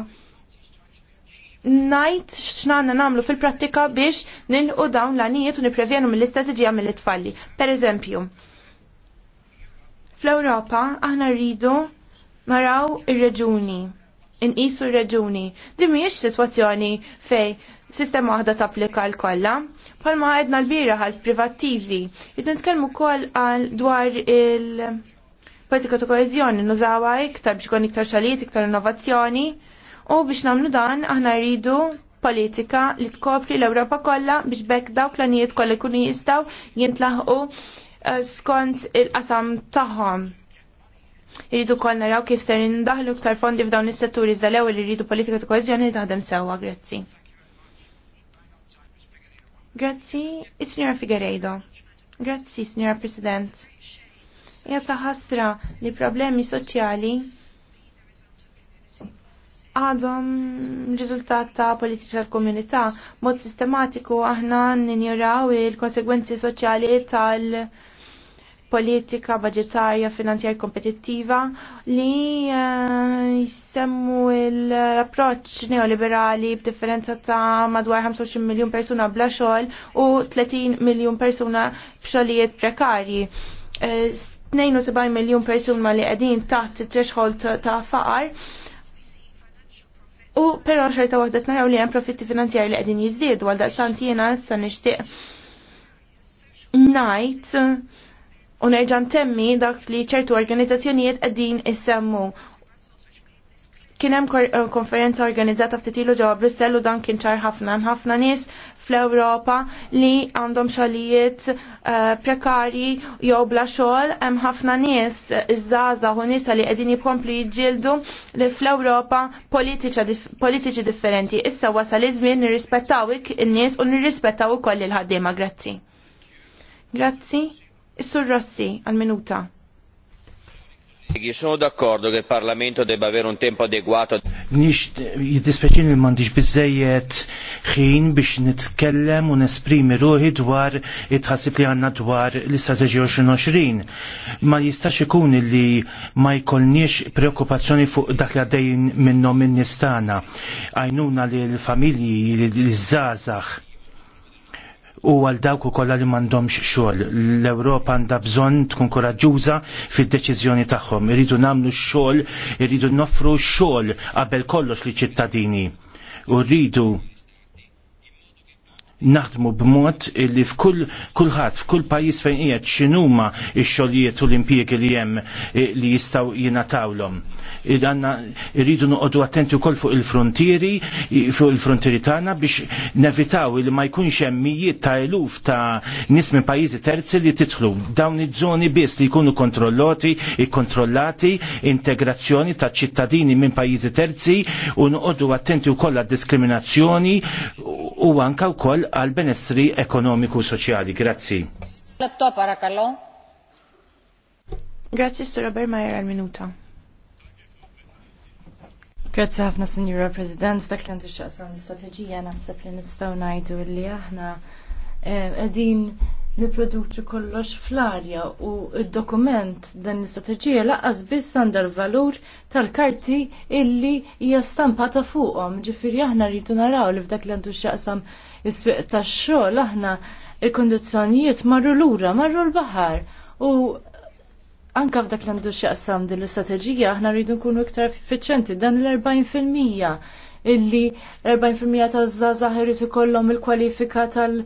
E: najt x'għandna nagħmlu fil-prattika biex nilqu dawn l-għanijiet u nipprevjenu mill-istrateġija mill-itfalli. Per eżempju, Fl-Ewropa aħna rridu naraw ir-reġuni, inqisu ir-reġuni. Din mhijiex sitwazzjoni fej sistema waħda tapplika l-kollha. Palma għedna l-bira għal-privattivi, id-nitkellmu kol għal dwar il- politika ta' koezjoni nużawa iktar biex ikun iktar xalit, iktar innovazzjoni u biex namlu dan aħna rridu politika li tkopri l-Ewropa kollha biex bekk dawk l-anijiet kollha jkunu jistgħu jintlaħqu Eh, skont il-qasam tagħhom. Irridu kol naraw kif ser indaħlu ktar fondi f'dawn is-setturi iżda l-ewwel irridu politika ta' koeżjoni taħdem sewwa, grazzi. Grazzi, is-Sinjora Figueiredo. Grazzi, Sinjora President. Hija ta' ħasra li problemi soċjali għadhom riżultat ta' politika tal-komunità. Mod sistematiku aħna ninjuraw il-konsegwenzi soċjali tal- politika budgetarja finanzjar kompetittiva li eh, jissemmu l-approċ neoliberali b'differenza ta' madwar 25 miljon persuna bla xogħol u 30 miljon persuna f'xogħlijiet prekarji. 72 eh, miljon persuna li qegħdin taħt it-threshold ta' faqar U però xorta għadet naraw li hemm profitti finanzjari li qegħdin jiżdiedu għal jena jiena san nixtieq ngħid u nerġa' temmi dak li ċertu organizzazzjonijiet qegħdin issemmu Kien hemm eh, konferenza organizzata ftit ilu ġewwa Brussell u dan kien ċar ħafna hemm ħafna nies fl-Ewropa li għandhom xogħlijiet eh, prekarji jew bla xogħol hemm ħafna nies eh, iż-żgħażagħ u nies li qegħdin jibkomplu jiġġieldu li fl-Ewropa politiċi differenti. Issa wasal iż-żmien nirrispettaw in-nies u nirrispettaw ukoll il-ħaddiema. Grazzi. Grazzi. Is-Sur
B: Rossi għal-minuta. Io sono d'accordo che il Parlamento debba avere un tempo adeguato. jiddispeċin li mandiġ bizzejiet ħin biex nitkellem u nesprimi ruħi dwar it-ħassib li għanna dwar l-istrateġija 2020. Ma jistax ikun li ma jkollniex preokkupazzjoni fuq dak li għaddejn minnom minn nistana. Għajnuna li l-familji, li l-żazax u għal dawk ukoll li m'għandhomx xogħol. L-Ewropa għandha bżonn tkun koraġġuża fid-deċiżjoni tagħhom. Irridu nagħmlu x-xogħol, irridu noffru x-xogħol qabel kollox li ċittadini. U rridu naħdmu b'mod li f'kull kulħadd f'kull pajjiż fejn qiegħed x'inhuma x-xogħlijiet u l-impjiegi li hemm eh, li jistgħu jingħatawhom. Għandna rridu noqogħdu attenti wkoll fuq il-frontieri fuq il-frontieri tagħna biex nevitaw li ma jkunx hemm mijiet ta' eluf ta' nies minn pajjiżi terzi li titħlu dawn iż-żoni biss li jkunu kontrolloti, ikkontrollati, integrazzjoni ta' ċittadini minn pajjiżi terzi u noqogħdu attenti wkoll għad-diskriminazzjoni u anke wkoll għal benessri ekonomiku soċjali. Grazzi.
E: Laptop arakallo. Grazzi Sura Bermajer għal minuta.
F: Grazzi ħafna Sinjura President, f'dak li għandu xaqsam l-istrateġija naħseb li nistgħu ngħidu li aħna qegħdin eh, niproduċu kollox fl-arja u id-dokument dan l-istrateġija laqqas biss għandha l-valur tal-karti illi hija stampata fuqhom. Ġifieri aħna rridu naraw li f'dak li għandu x'jaqsam is-swieq tax-xogħol aħna il-kondizzjonijiet marru lura, marru l-baħar. U anka f'dak li għandu x'jaqsam din l-istrateġija aħna rridu nkunu iktar effiċenti dan l-40% illi l 40% taż-żgħażagħ irid ikollhom il-kwalifika tal-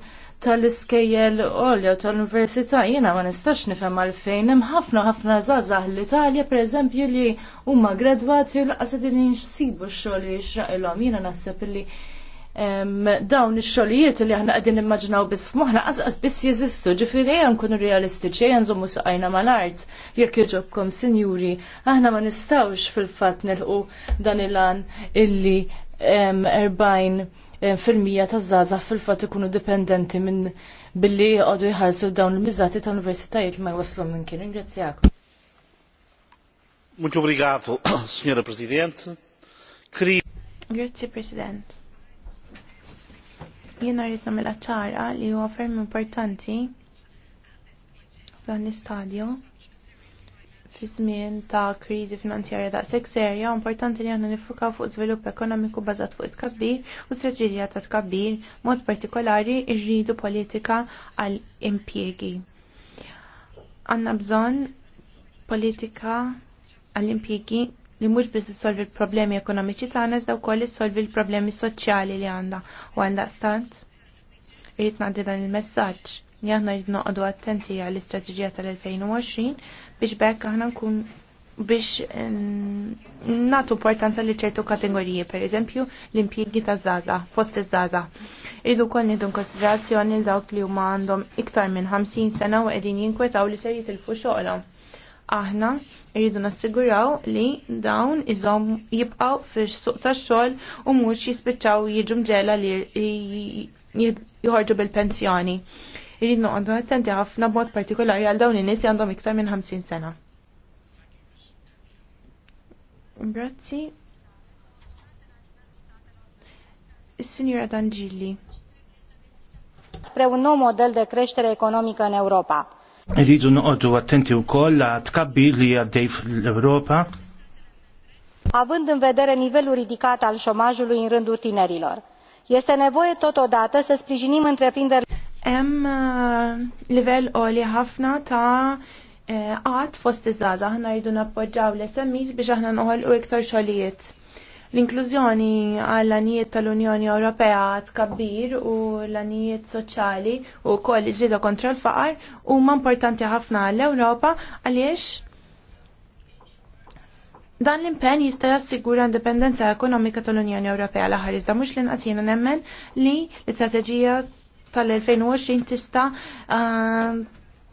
F: tal-iskejjel olja tal-università jiena ma nistax nifhem għalfejn hemm ħafna ħafna żgħażagħ l-Italja pereżempju li huma gradwati u laqas qegħdin jinsibu x-xogħol li jixraqilhom. Jiena naħseb illi dawn ix-xogħlijiet li aħna qegħdin nimmaġinaw biss f'moħħna qasqas biss jeżistu, ġifieri ejja nkunu realistiċi, ejja nżommu saqajna mal-art jekk jogħġobkom sinjuri, aħna ma nistgħux fil-fatt nilqu dan il-għan illi erbajn fil-mija ta' zaza fil-fatt ikunu dipendenti minn billi għodu jħalsu dawn il-mizzati ta' universitajiet ma jwaslu minn kien. Ringrazzjak.
B: Muito obrigado, Sra. Presidente.
E: Grazie, Presidente. Jiena rrid nagħmilha ċara li huwa ferm importanti f'dan l-istadju fi żmien ta' kriżi finanzjarja daqshekk serja importanti li għandna nifukaw fuq żvilupp ekonomiku bażat fuq tkabbir u strateġija ta' tkabbir mod partikolari rridu politika għal impjiegi. Għandna bżonn politika għall impjiegi li mhux biss issolvi l-problemi ekonomiċi tagħna iżda wkoll issolvi l-problemi soċjali li għandha. u għandha stant. Irrid ngħaddi dan il-messaġġ li aħna jrid noqogħdu attenti għall istrateġija tal-2020 biex bekk aħna nkun biex natu importanza li ċertu kategoriji, per eżempju l-impjiegi ta' zaza, fost iż-żaza. Irridu wkoll nieħdu konsiderazzjoni l dawk li huma għandhom iktar minn 50 sena u qegħdin jinkwetaw li se jitilfu xogħolhom. Aħna Irridu nassiguraw li dawn iżom jibqaw fix suq tax-xogħol u mhux jispiċċaw jiġu mġela li jħorġu bil-pensjoni. Irridu għandhom attenti ħafna b'mod partikolari għal dawn in-nies li għandhom iktar minn 50 sena. Grazzi. Is-Sinjura Dangilli.
C: Spre un nou model de creștere economică în Europa
B: Rridu noqogħdu attenti wkoll la tkabbi li għaddej fl-Ewropa.
C: Având
E: în vedere nivelul ridicat al șomajului în rândul tinerilor, este nevoie totodată să sprijinim întreprinderile. Hemm livell uh, oli ħafna ta' uh, għat fost iż-żaza, ħna rridu nappoġġaw l-SMIs biex aħna noħolqu iktar xogħlijiet. L-inklużjoni għall anijiet tal-Unjoni Ewropea tkabbir u l-anijiet soċjali u koll ġida kontra l-faqar huma importanti ħafna għall-Ewropa għaliex dan l-impenn jista' jassigura indipendenza ekonomika tal-Unjoni Ewropea l-aħħar iżda mhux l-inqas nemmen li l-istrateġija tal-2020 tista'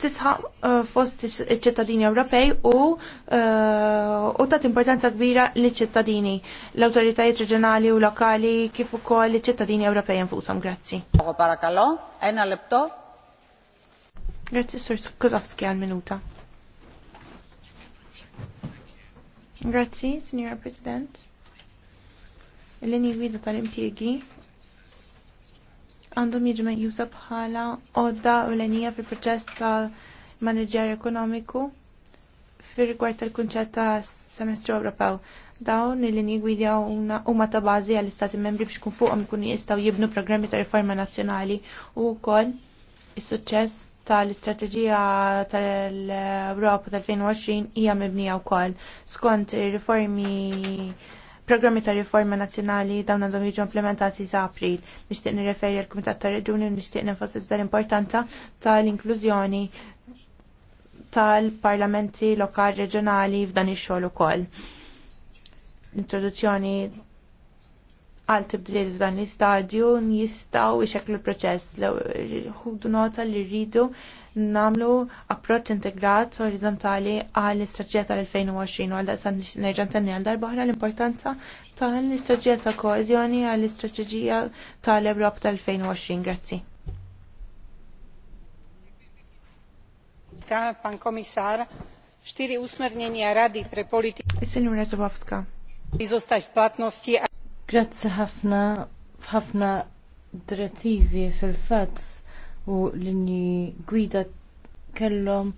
E: tisħaq eh, fost iċ-ċittadini Ewropej u eh, u tat importanza kbira li ċittadini l-awtoritajiet reġjonali u lokali kif ukoll iċ-ċittadini Ewropej infushom. Grazzi. Parakallo, ena lepto. Grazzi Sur Kozowski għal minuta. Grazzi, Signora President. Il-lini tal impiegi għandhom jiġu jusa bħala għodda u l-enija fil proċess tal manager ekonomiku fir rigward tal-kunċett ta' semestru Ewropew. Dawn il-linji gwidja huma ta' bażi għall-istati membri biex kun fuqhom ikun jistgħu jibnu programmi ta' riforma nazzjonali u wkoll is-suċċess tal-istrateġija tal-Ewropa tal-2020 hija mibnija wkoll skont ir-riformi programmi ta' riforma nazzjonali dawn għandhom jiġu implementati sa' april. Nixtieq nirreferi għal kumitat ta' reġuni nixtieq nenfasizza l-importanza tal-inklużjoni tal-parlamenti lokali reġjonali f'dan ix-xogħol ukoll. L-introduzzjoni għal tibdiliet dan l-istadju jistgħu jxeklu l-proċess li ħudu nota li rridu namlu approċ integrat orizzontali għal istraġġija tal-2020 għal daqsan nerġa' tenni għal darba l-importanza tal-istraġġija ta' koezjoni għal istraġġija tal ebrop tal-2020. Grazzi. Pan komisar, štyri usmernjenja radi pre politiku. Signora Zabowska. zostać w płatności
F: Grazzi ħafna ħafna direttivi fil-fatt u l-inni gwida kellhom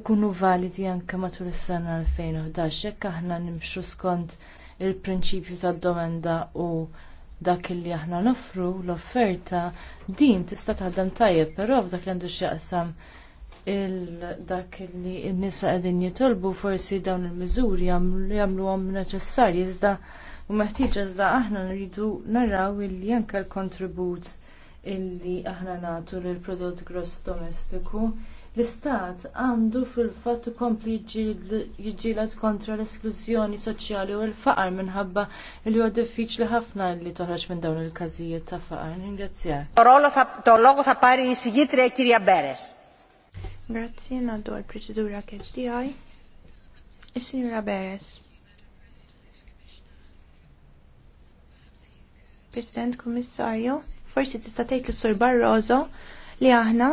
F: ikunu validi anke matul is-sena 2011 jekk aħna nimxu skont il-prinċipju tad-domanda u dak li aħna nofru l-offerta din tista' taħdem tajjeb, però f'dak li għandu x'jaqsam dak li n-nisa qegħdin jitolbu forsi dawn il-miżuri jagħmluhom neċessarji iżda U meħtieġ iżda aħna nridu naraw illi anke l-kontribut illi aħna nagħtu lill prodott gross domestiku l-istat għandu fil-fatt ikompli jġilat kontra l-esklużjoni soċjali u l-faqar minħabba li huwa diffiċli ħafna li toħroġ minn dawn il-każijiet ta' faqar. Ringrazzjar.
D: Tollogu ta' pari sigitre kirja Beres.
E: Grazzi, naddu għal preċedura KHDI. Is-Sinjura Beres. President Kummissarju, forsi tista' tgħid lis sur Barroso li aħna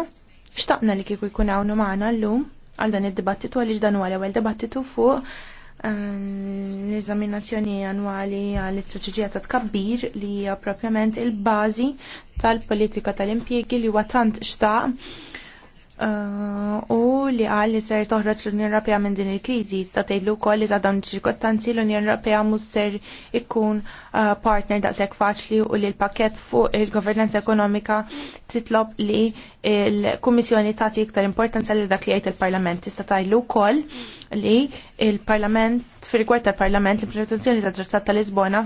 E: xtaqna li kieku jkun hawn magħna llum għal dan id-dibattitu għaliex dan huwa l-ewwel dibattitu fuq ehm, l-eżaminazzjoni annwali għall istrateġija ta' tkabbir li hija propjament il-bażi tal-politika tal-impjiegi li huwa tant xtaq Eh, u li qal li ser toħroġ l-Unjoni Ewropea minn din il-kriżi sta tgħidlu wkoll li dawn ċirkostanzi l-Unjoni Ewropea mhux ser ikun eh, partner daqshekk faċli u li l-pakkett fuq il-governanza ekonomika titlob li l-Kummissjoni tagħti iktar importanza li dak li jgħid il-Parlament. Tista' tgħidlu wkoll li il-Parlament fir-rigward tal-Parlament l-implementazzjoni tat-Trattat ta' Lisbona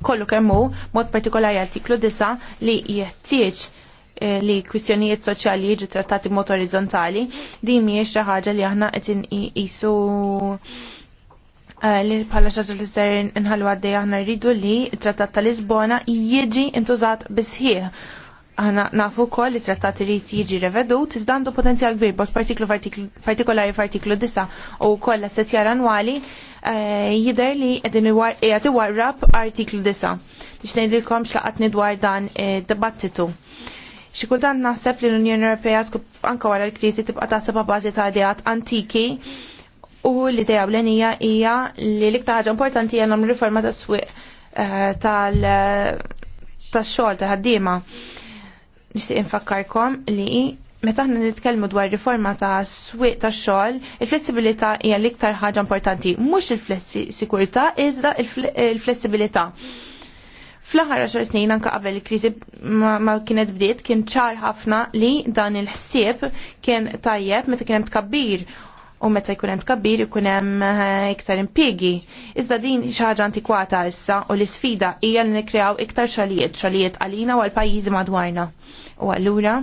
E: kollu kemm hu mod partikolari artiklu 9 li jeħtieġ Eh, li kwistjonijiet soċjali jiġu trattati mod orizzontali, din mhijiex xi ħaġa li aħna qed inqisu eh, li bħala xaġa li ser inħallu għaddej aħna rridu li trattat ta' Lisbona jiġi intużat bisħieħ. Aħna nafu wkoll li trattat irid jiġi revedut iżda għandu potenzjal kbir bos partiklu partikolari f'artiklu 9 u wkoll l-assess jar annwali eh, jider li għedin jgħati warrab artiklu 9. Nix nejdilkom xlaqat dwar dan dibattitu. Xi kultant naħseb li l-Unjoni Ewropea anke wara l-kriżi tibqa' taħseb bażi ta' ideat antiki u l-idea blenija hija li l-iktar ħaġa importanti hija nagħmlu riforma tas-swieq eh, eh, tax-xogħol ta' ħaddiema. Nixtieq infakkarkom li meta aħna nitkellmu dwar riforma ta' swieq tax xogħol, il-flessibilità hija l-iktar ħaġa importanti, mhux il-flessi sikurità, iżda il-flessibilità. il flessibilità Fl-aħħar 10 snin anke qabel il-kriżi ma kienet bdiet kien ċar ħafna li dan il-ħsieb kien tajjeb meta kien hemm tkabbir u meta jkun hemm tkabbir ikun hemm eh, iktar impjiegi. Iżda din xi ħaġa antikwata issa u l-isfida hija li nikkreaw iktar xogħlijiet, xogħlijiet għalina u għal pajjiżi madwarna. U allura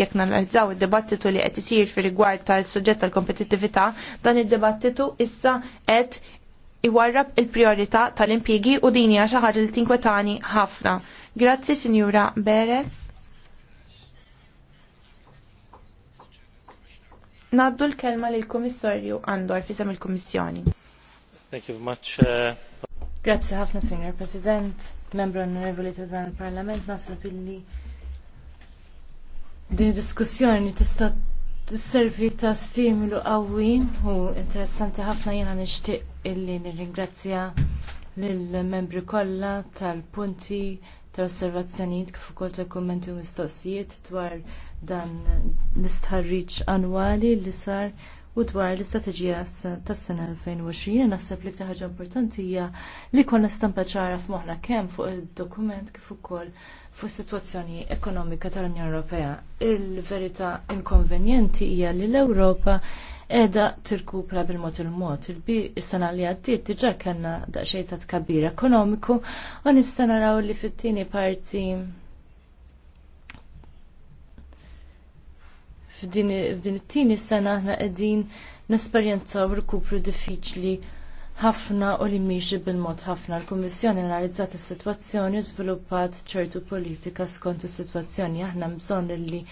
E: jekk nanalizzaw id-dibattitu li qed isir fir rigward tal-suġġett tal-kompetittività, dan id-dibattitu issa qed iwarrab il-priorità tal-impjegi u din hija xi ħaġa li tinkwetani ħafna. Grazzi Sinjura Beres. Naddu l-kelma lil komissarju fi sem il-Kummissjoni.
B: Thank you very much. Uh...
E: Grazzi ħafna, Signor President, membru onorevoli ta' dan il-Parlament, nasab billi
F: din diskussjoni tista' t-servi ta' stimulu qawwi u interessanti ħafna jiena nixtieq illi nirringrazzja lill membri kollha tal-punti tal-osservazzjonijiet kif ukoll tal-kummenti u mistoqsijiet dwar dan l-istħarriġ annwali li sar u dwar l-istrateġija tas-sena 2020 naħseb li ħaġa importanti hija li konna stampa ċara f'moħħna kemm fuq id-dokument kif ukoll fuq is-sitwazzjoni ekonomika tal-Unjoni Ewropea. Il-verità inkonvenjenti hija li l-Ewropa edha tirkupra bil-mod il-mod. Il-bi s-sena li għaddiet diġa kanna daqxej ta' tkabbir ekonomiku u nista' naraw li fit-tieni parti f'din it-tieni sena aħna qegħdin nesperjenzaw rkupru diffiċli ħafna u li miexi bil-mod ħafna. L-Kummissjoni analizzat is-sitwazzjoni u żviluppat ċertu politika skont is-sitwazzjoni. Aħna bżonn li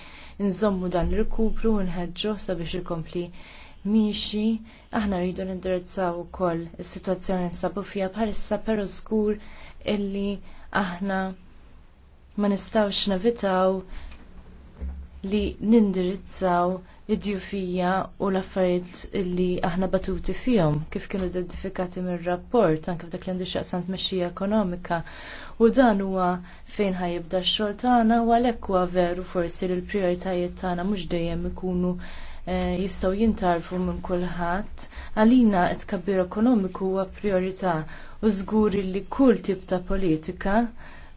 F: nżommu dan l-rikupru u nħeġġu sabiex ikompli miexi, aħna rridu nindirizzaw ukoll is-sitwazzjoni nsabu fija bħalissa però żgur illi aħna ma nistgħux navitaw li nindirizzaw id-djufija u l-affarijiet li aħna batuti fihom kif kienu identifikati mir-rapport anke f'dak li għandu x'aqsam tmexxija ekonomika u dan huwa fejn ħajibda x-xogħol tagħna u għalhekk huwa veru forsi li l-prijoritajiet tagħna mhux dejjem ikunu Eh, jistgħu jintarfu minn kulħadd, għalina t tkabbir ekonomiku huwa priorità u żgur li kull tip ta' politika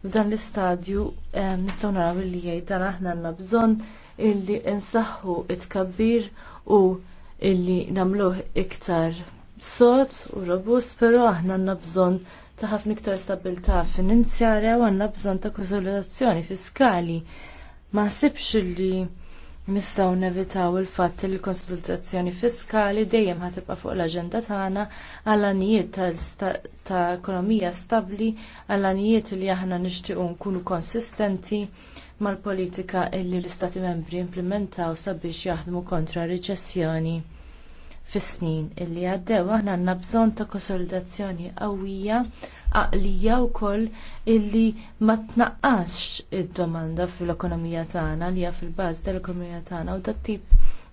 F: f'dan l-istadju eh, nistgħu naraw li jgħid dan aħna għandna bżonn illi insaħħu t tkabbir u illi nagħmluh iktar sod u robust, però aħna għandna bżonn ta' ħafna iktar stabilità finanzjarja u għandna bżonn ta' konsolidazzjoni fiskali. Ma sibx li Nistgħu nevitaw il-fatt li l-konsultazzjoni fiskali dejjem ħatibqa' fuq l-aġenda tagħna għal anijiet ta' ekonomija stabbli, għal anijiet li aħna nixtiequ nkunu konsistenti mal-politika li l-Istati membri implementaw sabiex jaħdmu kontra riċessjoni fis-snin illi għaddew aħna għandna bżonn ta' konsolidazzjoni qawwija għaqlija wkoll illi ma tnaqqax id-domanda fil-ekonomija tagħna li hija fil-bażi tal-ekonomija tagħna u dat tip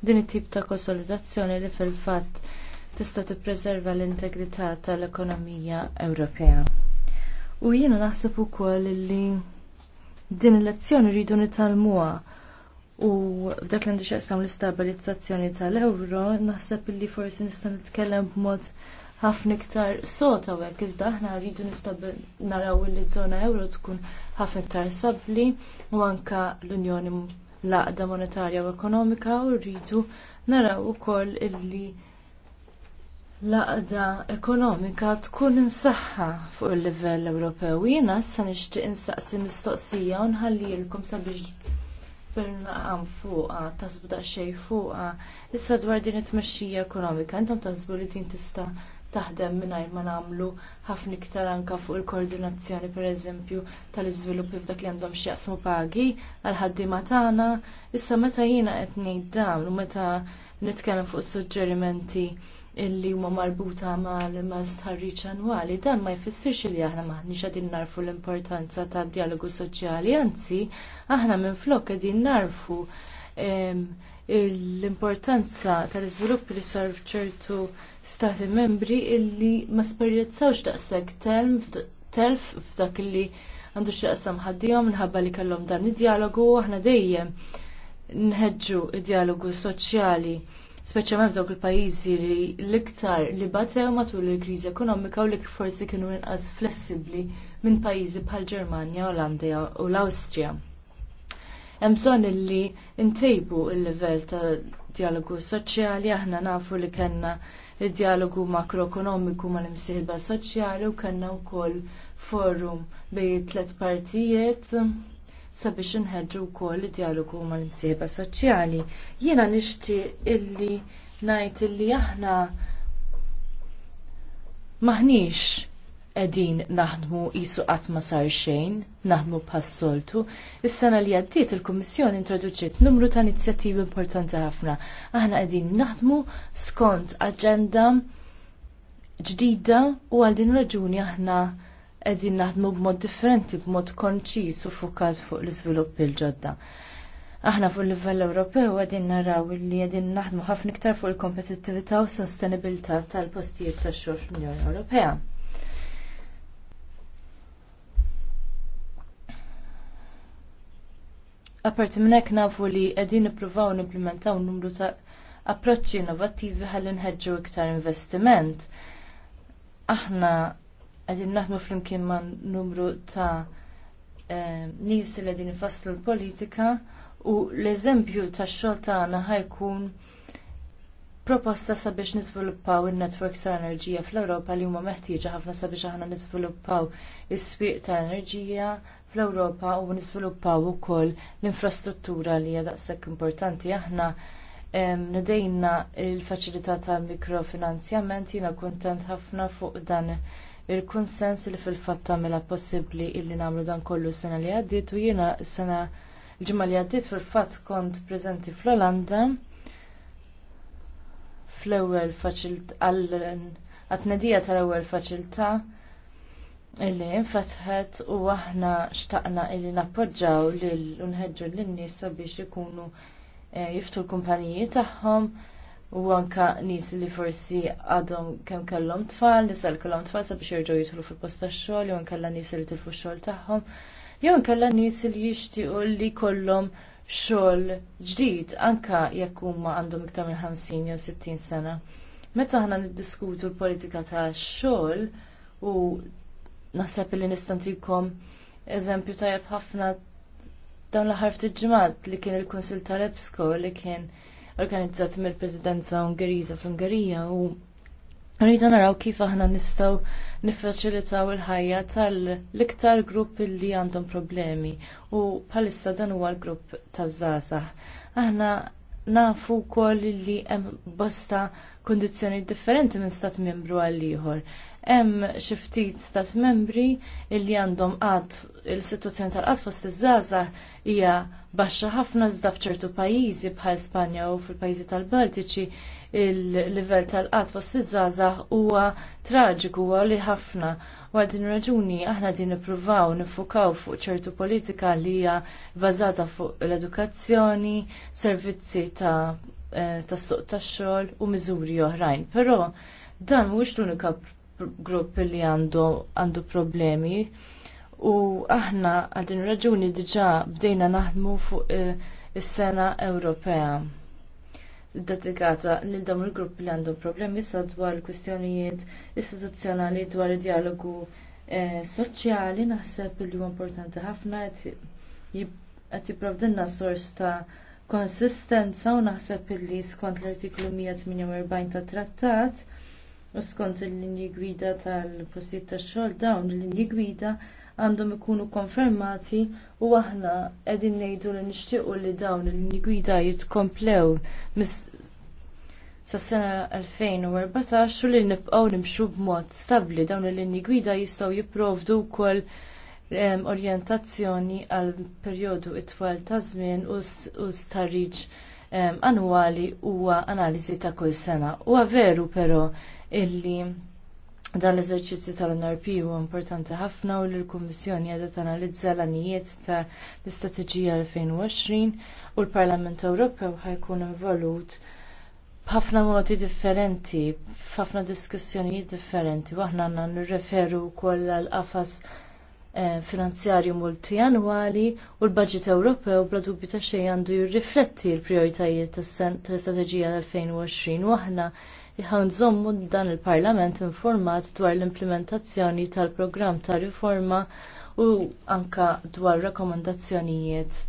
F: din it-tip ta' konsolidazzjoni li fil-fatt tista' tippreserva l-integrità tal-ekonomija Ewropea. U jiena naħseb ukoll li din il-lezzjoni rridu nitalmuha U f'dak li għandu xaqsam l-istabilizzazzjoni tal-euro, naħseb li forsi nista' nitkellem b'mod ħafna iktar sota hekk iżda aħna rridu naraw li żona euro tkun ħafna iktar sabbli u anke l-Unjoni l-Aqda Monetarja u Ekonomika u rridu naraw ukoll illi l-aqda ekonomika tkun insaħħa fuq il-livell Ewropew. Jiena issa nixtieq insaqsi mistoqsija u nħallilkom sabiex bil-naqam fuqha tasbu daqsxejn fuqha issa dwar din it-tmexxija ekonomika, intom tasbu li din tista' taħdem mingħajr ma nagħmlu ħafna iktar anke fuq il-koordinazzjoni pereżempju tal-iżvilupp f'dak li għandhom x'jaqsmu pagi għal ħaddiema tagħna. Issa meta jiena qed ngħid dawn u meta nitkellem fuq suġġerimenti illi huma marbuta mal-istħarriċ annwali, dan ma jfissirx li aħna maħniex qegħdin narfu l-importanza tad dialogu soċjali, anzi aħna minflok qegħdin narfu ehm, l-importanza tal-iżvilupp li sar ċertu stati membri illi ma sperjezzawx daqshekk telf f'dak illi għandu x'jaqsam ħaddihom minħabba li kellhom dan id-dialogu aħna dejjem nħeġġu id-dialogu soċjali speċjalment f'dawk il-pajjiżi li l-iktar li batew matul il-kriżi ekonomika u li forsi kienu inqas flessibbli minn pajjiżi bħal Ġermanja, Olandja u l-Awstrija. Hemm bżonn li ntejbu l-livell ta' dialogu soċjali aħna nafu li kellna id-dialogu makroekonomiku mal imsejba soċjali u kellna wkoll forum bej tliet partijiet sabiex inħeġġu wkoll id-dialogu mal imsejba soċjali. Jiena nixtieq illi ngħid illi aħna maħniex edin naħdmu jisu qatt ma sar xejn, naħdmu bħas soltu is-sena li għaddiet il-Kummissjoni introduċiet numru ta' inizjattivi importanti ħafna. Aħna qegħdin naħdmu skont aġenda ġdida u għal din raġuni aħna qegħdin naħdmu b'mod differenti, b'mod konċis u fukat fuq l-iżvilupp il-ġodda. Aħna fuq livell Ewropew qegħdin naraw li qegħdin naħdmu ħafna iktar fuq il-kompetittività u s sostenibilità tal-postijiet tax-xogħol fl-Unjoni Ewropea. Apparti minn hekk nafu li qegħdin nippruvaw nimplementaw numru ta' approċċi innovattivi ħalli nħeġġu iktar investiment. Aħna qegħdin naħdmu flimkien ma' numru ta' eh, nies li qegħdin ifasslu l-politika u l-eżempju tax-xogħol tagħna ħajkun proposta sabiex niżviluppaw in-netwerks ta' enerġija fl-Ewropa li huma meħtieġa ħafna sabiex aħna niżviluppaw is-swieq ta' enerġija fl-Ewropa u nisviluppaw ukoll l-infrastruttura li hija daqshekk importanti. Aħna nedejna il-faċilità ta' mikrofinanzjament jiena kuntent ħafna fuq dan il-konsens li fil-fatt tagħmilha possibbli illi nagħmlu dan kollu sena li għaddiet u jiena sena l-ġimgħa li għaddiet fil-fatt kont preżenti fl-Olanda fl-ewwel faċilità għal għatnedija tal-ewwel faċilità illi infatħet u aħna xtaqna illi nappoġġaw l-unħedġu l-nies sabiex ikunu eh, jiftu l-kumpaniji tagħhom u anka nies li forsi għadhom kemm kellhom tfal, nisal kellhom tfal sabiex jerġgħu jidħlu fil-post tax-xogħol jew nkella nies li tilfu x-xogħol tagħhom, jew nkella nies li jixtiequ li jkollhom xogħol ġdid anke jekk huma għandhom iktar minn 50 jew 60 sena. Meta aħna niddiskutu l-politika tax-xogħol u naħseb li nistantikom eżempju tajjeb ħafna dawn l-aħħar ftit ġimgħat li kien il-Kunsil tal-EBSCO li kien organizzat mill-Presidenza Ungeriża fl-Ungerija u rridu naraw kif aħna nistgħu niffaċilitaw il-ħajja tal-iktar grupp li għandhom problemi u bħalissa dan huwa l-grupp taż-żgħażagħ. Aħna nafu wkoll li hemm bosta kundizzjoni differenti minn stat membru għal ieħor hemm xi ftit stat membri li għandhom qatt il-sitwazzjoni tal-qatt fost iż-żgħażagħ hija baxxa ħafna iżda f'ċertu pajjiżi bħal Spanja u fil-pajjiżi tal-Baltiċi il-livell tal-qatt fost iż-żgħażagħ huwa traġiku u li ħafna Għal din raġuni aħna din nippruvaw nifukaw fuq ċertu politika li hija bbażata fuq l-edukazzjoni, servizzi ta' eh, tas-suq tax-xogħol u miżuri oħrajn. Però dan mhuwiex l-unika grupp li għandu għandu problemi u aħna għadin din raġuni diġà bdejna naħdmu fuq eh, is-sena Ewropea dedikata lil dawn il-grupp li għandhom problemi issa dwar kwistjonijiet istituzzjonali dwar id-dialogu eh, soċjali naħseb li huwa importanti ħafna qed jipprovdilna sors ta' konsistenza u naħseb illi skont l-artiklu 148 tat trattat u skont il-linji gwida tal-postijiet tax-xogħol dawn il-linji gwida għandhom ikunu konfermati u aħna qegħdin ngħidu li nixtiequ li dawn il-linji gwida jitkomplew sas-sena 2014 u li nibqgħu nimxu b'mod stabbli dawn il-linji gwida jistgħu jipprovdu wkoll orjentazzjoni għal perjodu itwal ta' żmien u starriġ annwali huwa analiżi ta' kull sena. Huwa veru però illi dan l-eżerċizzju tal-NRP huwa importanti ħafna u l-Kummissjoni għadha tanalizza l-anijiet ta' l-Istrateġija 2020 u l-Parlament Ewropew ħajkun involut b'ħafna modi differenti, b'ħafna diskussjonijiet differenti, u aħna għandna nirreferu wkoll għall qafas eh, finanzjarju multijanwali u l-budget Ewropew bla dubju ta' xejn għandu jirrifletti l-prijoritajiet tal-istrateġija 2020 u aħna jħan zommu dan il-Parlament informat dwar l-implementazzjoni tal-programm ta' riforma u anka dwar rakkomandazzjonijiet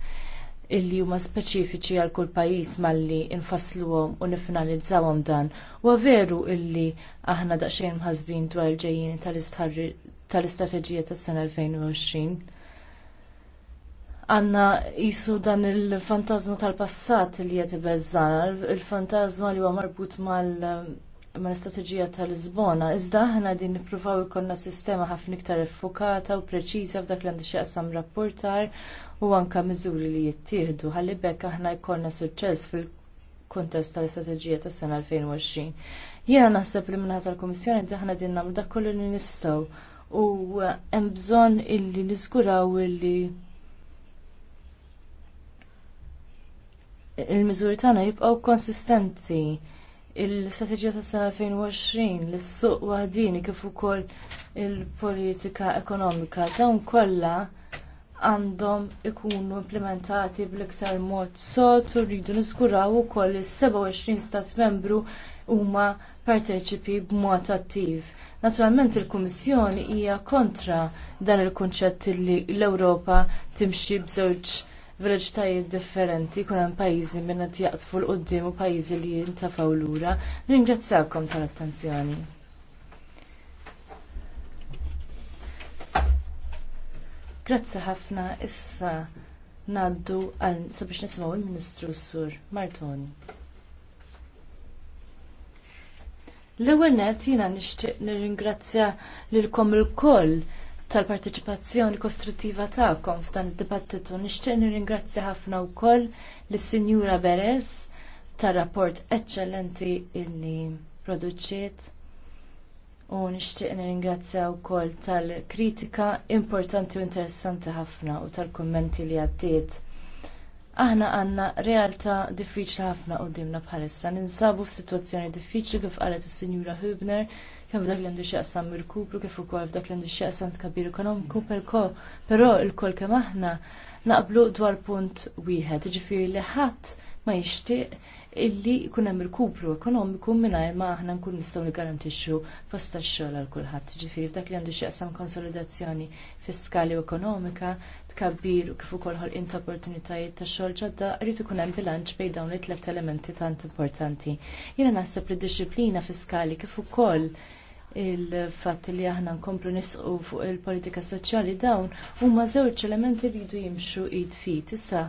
F: illi huma speċifiċi għal kull pajjiż malli nfassluhom u nifinalizzawhom dan. Huwa veru illi aħna daqsxejn mħasbin dwar il-ġejjin tal-istrateġija tas-sena 2020 għanna jisu dan il-fantazma tal-passat li jgħet bezzana, il-fantazma li huwa marbut mal strategija tal-Lisbona. Iżda ħna din nippruvaw ikonna sistema ħafna iktar effukata u preċiża f'dak li għandu xieqsam rapportar u anka miżuri li jittieħdu. Ħalli bekk aħna jkollna suċċess fil-kontest tal-istrateġija tas-sena 2020. Jiena naħseb li minnaħat tal-Komissjoni daħna din nagħmlu dak kollu li nistgħu u hemm bżonn illi niskuraw illi il-miżuri tagħna jibqgħu konsistenti il-strategija ta' sena 2020, l-suq waħdini kif ukoll il-politika ekonomika dawn kollha għandhom ikunu implementati bl-iktar mod sot u rridu niżguraw ukoll is-27 stat membru huma parteċipi b'mod attiv. Naturalment il-Kummissjoni hija kontra dan il-kunċett li l-Ewropa timxi b'żewġ vileġtajiet differenti, kun hemm pajjiżi minn qed jaqtfu l qudiem u pajjiżi li jintafgħu lura. Ringrazzjawkom tal-attenzjoni. Grazzi ħafna issa ngħaddu għal sabiex nisimgħu il-Ministru Sur Martoni. L-ewwel nett jiena nixtieq nirringrazzja lilkom il-koll tal-partiċipazzjoni kostruttiva tagħkom f'dan id-dibattitu. Nixtieq nirringrazzja ħafna wkoll lis-Sinjura Beres tar-rapport eċċellenti illi produċċiet u nixtieq nirringrazzja wkoll tal-kritika importanti u interessanti ħafna u tal-kummenti li għaddiet aħna għandna realtà diffiċli ħafna quddiemna bħalissa. Ninsabu f'sitwazzjoni diffiċli kif qalet is-Sinjura Hübner kemm f'dak li għandu x'jaqsam irkupru kif ukoll f'dak li għandu x'jaqsam tkabbir ekonomiku però l-kol kemm aħna naqblu dwar punt wieħed, ġifiri li ħadd ma jixtieq illi jkun hemm irkupru ekonomiku mingħajr ma aħna nkun nistgħu nigarantixxu posta x-xogħol għal kulħadd. Ġifieri f'dak li għandu x'jaqsam konsolidazzjoni fiskali u ekonomika, tkabbir kif ukoll ħolqien ta' opportunitajiet ta' xogħol ġodda rrid ikun hemm bilanċ bejn dawn it-tlet elementi tant importanti. Jiena naħseb li d fiskali kif ukoll il-fatt li aħna nkomplu nisqu fuq il-politika soċjali dawn huma żewġ elementi li jdu jimxu id fit. Issa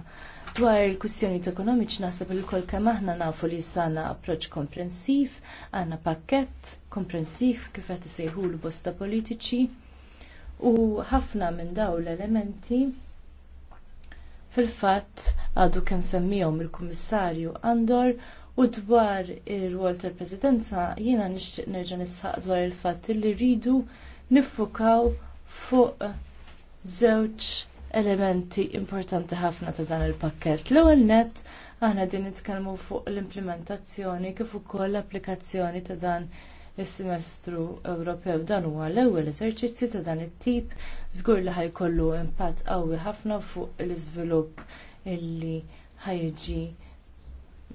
F: dwar il-kwistjoni ekonomiċi naħseb li kol kemm aħna nafu li issa għandna approċċ komprensiv, għandna pakkett komprensiv kif qed isejħulu bosta politiċi u ħafna minn dawn l-elementi fil-fatt għadu kemm semmihom il-Kummissarju Andor U dwar ir-rwol tal-Presidenza jiena nixtieq nerġa' nisħaq dwar il-fatt li rridu niffukaw fuq żewġ elementi importanti ħafna ta' dan il-pakkett. L-ewwel nett aħna din nitkellmu fuq l-implementazzjoni kif ukoll l-applikazzjoni ta' dan is-semestru Ewropew dan huwa l-ewwel eżerċizzju ta' dan it-tip żgur li ħajkollu impatt qawwi ħafna fuq l-iżvilupp illi ħajġi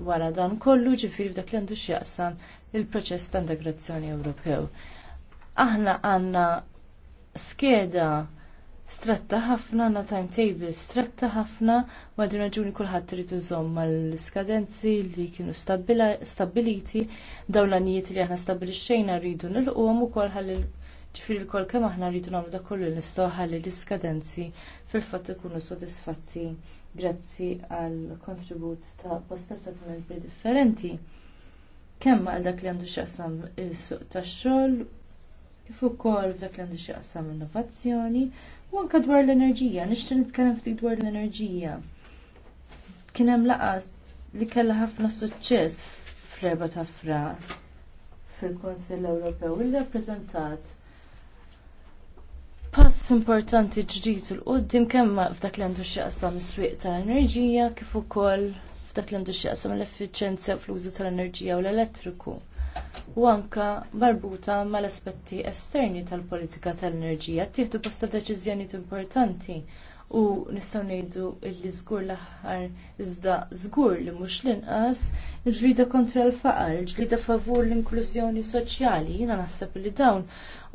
F: wara dan kollu ġifiri f'dak li għandu x'jaqsam il-proċess ta' integrazzjoni Ewropew. Aħna għandna skeda stretta ħafna, għandna timetable stretta ħafna, u għadin raġuni kullħat rritu zom l skadenzi li kienu stabiliti, l dawlanijiet li aħna stabilixxejna rridu nil ukoll, u kolħal ġifiri l-kol kem aħna rridu nagħmlu da kollu l-istoħalli l-iskadenzi fil fatt ikunu sodisfatti grazzi għal kontribut ta' bosta stati membri differenti. Kemm għal dak li għandu xaqsam il-suq tax xogħol, kif ukoll f'dak li għandu xaqsam innovazzjoni, u anke dwar l-enerġija, nixtieq nitkellem ftit dwar l-enerġija. Kien hemm laqas li kellha ħafna suċċess fl-erba ta' fra fil-Kunsill Ewropew il rappreżentat pass importanti ġdid u l-qoddim kemm f'dak li għandu x'jaqsam s swieq tal-enerġija kif ukoll f'dak li għandu x'jaqsam l-effiċenza fl-użu tal-enerġija u l-elettriku. U anke marbuta mal-aspetti esterni tal-politika tal-enerġija tieħdu bosta deċiżjonijiet importanti u nistgħu ngħidu li żgur l-aħħar iżda żgur li mhux l-inqas ġlida kontra l-faqar, ġlida favur l-inklużjoni soċjali, jiena naħseb li dawn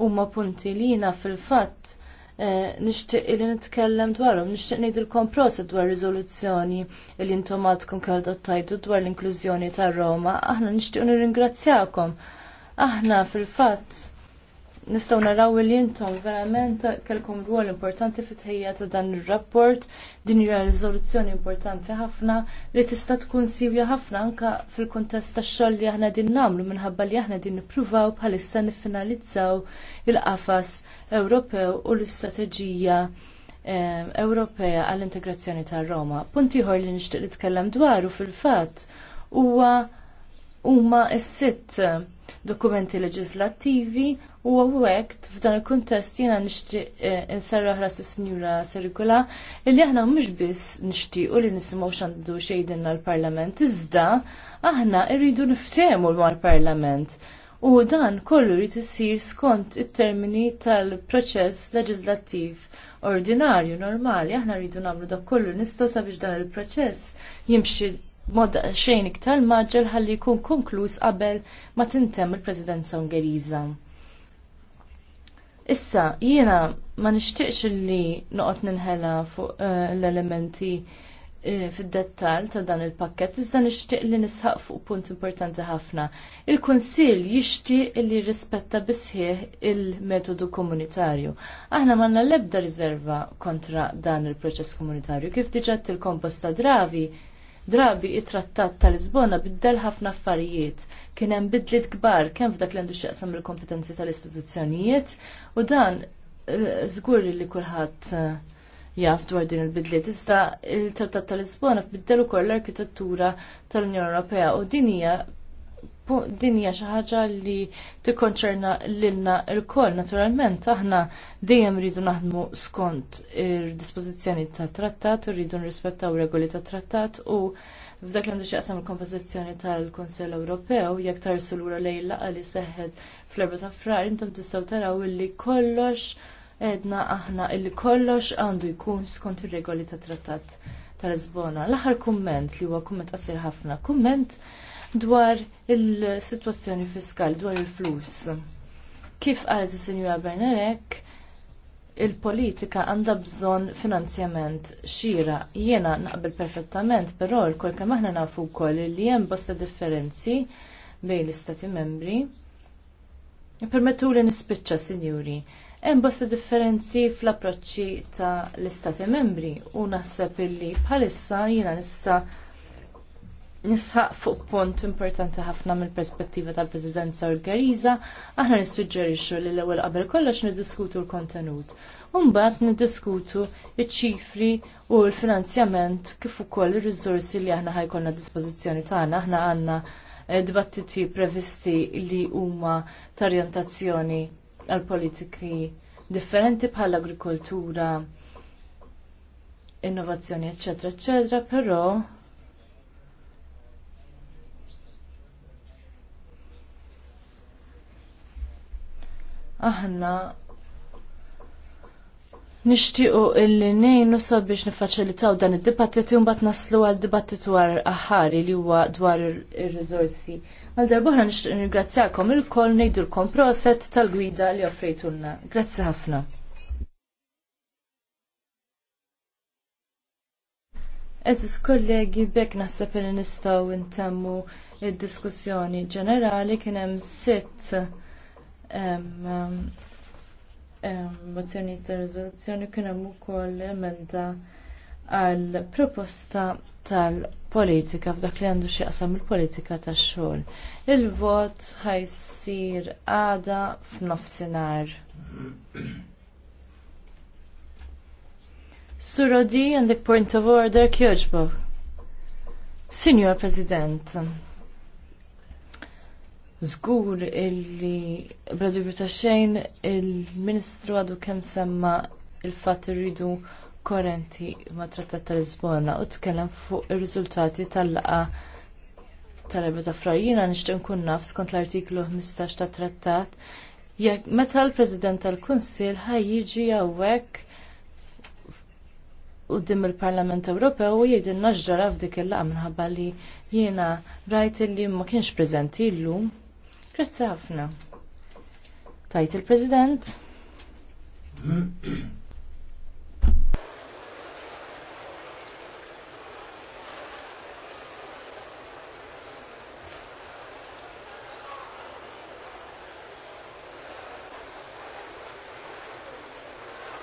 F: huma punti li jiena fil-fatt eh, nixtieq li nitkellem dwarhom, nixtieq ngħidilkom proset dwar riżoluzzjoni li intom għadkom kellha tajtu dwar l-inklużjoni tar-Roma, aħna nixtiequ nirringrazzjakom. Aħna fil-fatt nistgħu naraw li intom verament kelkom rwol importanti fit ħejja ta' dan ir-rapport, din hija riżoluzzjoni importanti ħafna li tista' tkun sivja ħafna anke fil-kuntest tax-xogħol li aħna din nagħmlu minħabba li aħna din nippruvaw bħalissa niffinalizzaw il-qafas Ewropew u l-istrateġija eh, Ewropea għall-integrazzjoni tar Roma. Punt ieħor li nixtieq nitkellem dwaru fil-fatt huwa huma s-sitt dokumenti leġislattivi U għawek, f'dan il-kontest jena nishtiq eh, nsarra ħra s-signura Serikula, illi aħna mux biss nishti u li nisimaw xandu xejden għal parlament iżda aħna irridu niftemu l-parlament. U dan kollu jrid isir skont it-termini tal-proċess leġislattiv ordinarju, normali, aħna rridu namlu dak kollu nistaw sabiex dan il-proċess jimxi mod xejn iktar maġġel ħalli jkun konkluż qabel ma tintemm il-Presidenza Ungeriża. Issa, jiena ma nixtieqx li noqgħod ninħela fuq eh, l-elementi eh, fid-dettal ta' dan il-pakket, iżda nixtieq li nisħaq fuq punt importanti ħafna. Il-Kunsill jishtiq li rispetta bisħieħ il-metodu komunitarju. Aħna manna l-ebda riserva kontra dan il-proċess komunitarju. Kif diġà il-komposta dravi, Drabi it-trattat tal-Lisbona biddel ħafna affarijiet. Kien hemm bidliet kbar kemm f'dak li għandu x'jaqsam il-kompetenzi tal-istituzzjonijiet u dan eh, żgur li kulħadd eh, jaf dwar din il-bidliet. Iżda il-Trattat tal-Lisbona biddel ukoll l-arkitettura tal-Unjoni Ewropea u din hija dinja xi ħaġa li tikkonċerna lilna lkoll naturalment aħna dejjem rridu naħdmu skont ir-dispożizzjoni tat trattat u rridu nrispettaw regoli tat trattat u f'dak li għandu qasam il-kompożizzjoni tal-Kunsell Ewropew jekk tarsu lura lejn laqgħa li seħħet fl-erba' ta' frar intom tistgħu taraw illi kollox edna aħna illi kollox għandu jkun skont ir-regoli tat trattat tal-Lisbona. L-aħħar kumment li huwa kumment qasir ħafna, kumment dwar il-situazzjoni fiskali, dwar il-flus. Kif għalet il-Sinjura Bernerek il-politika għandha bżonn finanzjament xira. Jiena naqbel perfettament, però l-kol kem aħna nafu wkoll li hemm bosta differenzi bejn l-istati membri. Permettu li nispiċċa, sinjuri, hemm bosta differenzi fl-approċċi ta' l-istati membri u naħseb li bħalissa jiena nista' nisħaq fuq punt importanti ħafna mill-perspettiva tal-Presidenza Ungeriża, aħna nissuġġerixxu li l-ewwel qabel kollox niddiskutu l-kontenut. Mbagħad niddiskutu iċ-ċifri u l-finanzjament kif ukoll ir-riżorsi li aħna ħajkollna dispożizzjoni tagħna. Aħna għandna eh, dibattiti previsti li huma tarjontazzjoni għal politiki differenti bħal agrikoltura innovazzjoni, eccetera, eccetera, però aħna nixtiequ illi ngħinu sabiex niffaċilitaw dan id dibattitu mbagħad naslu għal dibattitu aħari li huwa dwar ir-riżorsi. Għal darbohra nixtieq nirgrazzjakom il ngħidulkom proset tal-gwida li offrejtulna. Grazzi ħafna. Eżis kollegi bekk naħseb li nistgħu intemmu id-diskussjoni ġenerali kien hemm sitt mozzjoni ta' riżoluzzjoni kien hemm ukoll emenda għal proposta tal-politika f'dak li għandu xieqsam il-politika tax-xogħol. Il-vot ħajsir għada f'nofsinhar. Surodi għandek point of order kjoġbog. Signor President, Zgur illi bla dubju ta' xejn il-Ministru għadu kemm semma il-fatt irridu korrenti ma' Trattat ta' Lisbona u tkellem fuq ir-riżultati tal-laqa tal-ebda ta' frajjina nixtieq nkun naf skont l-artiklu 15 ta' trattat jekk meta l-President tal-Kunsill ħajjiġi hawnhekk quddiem il-Parlament Ewropew u jgħidilna ġara f'dik il-laqgħa minħabba li jiena rajt li ma kienx preżenti llum. Grazzi ħafna. Tajt il-President.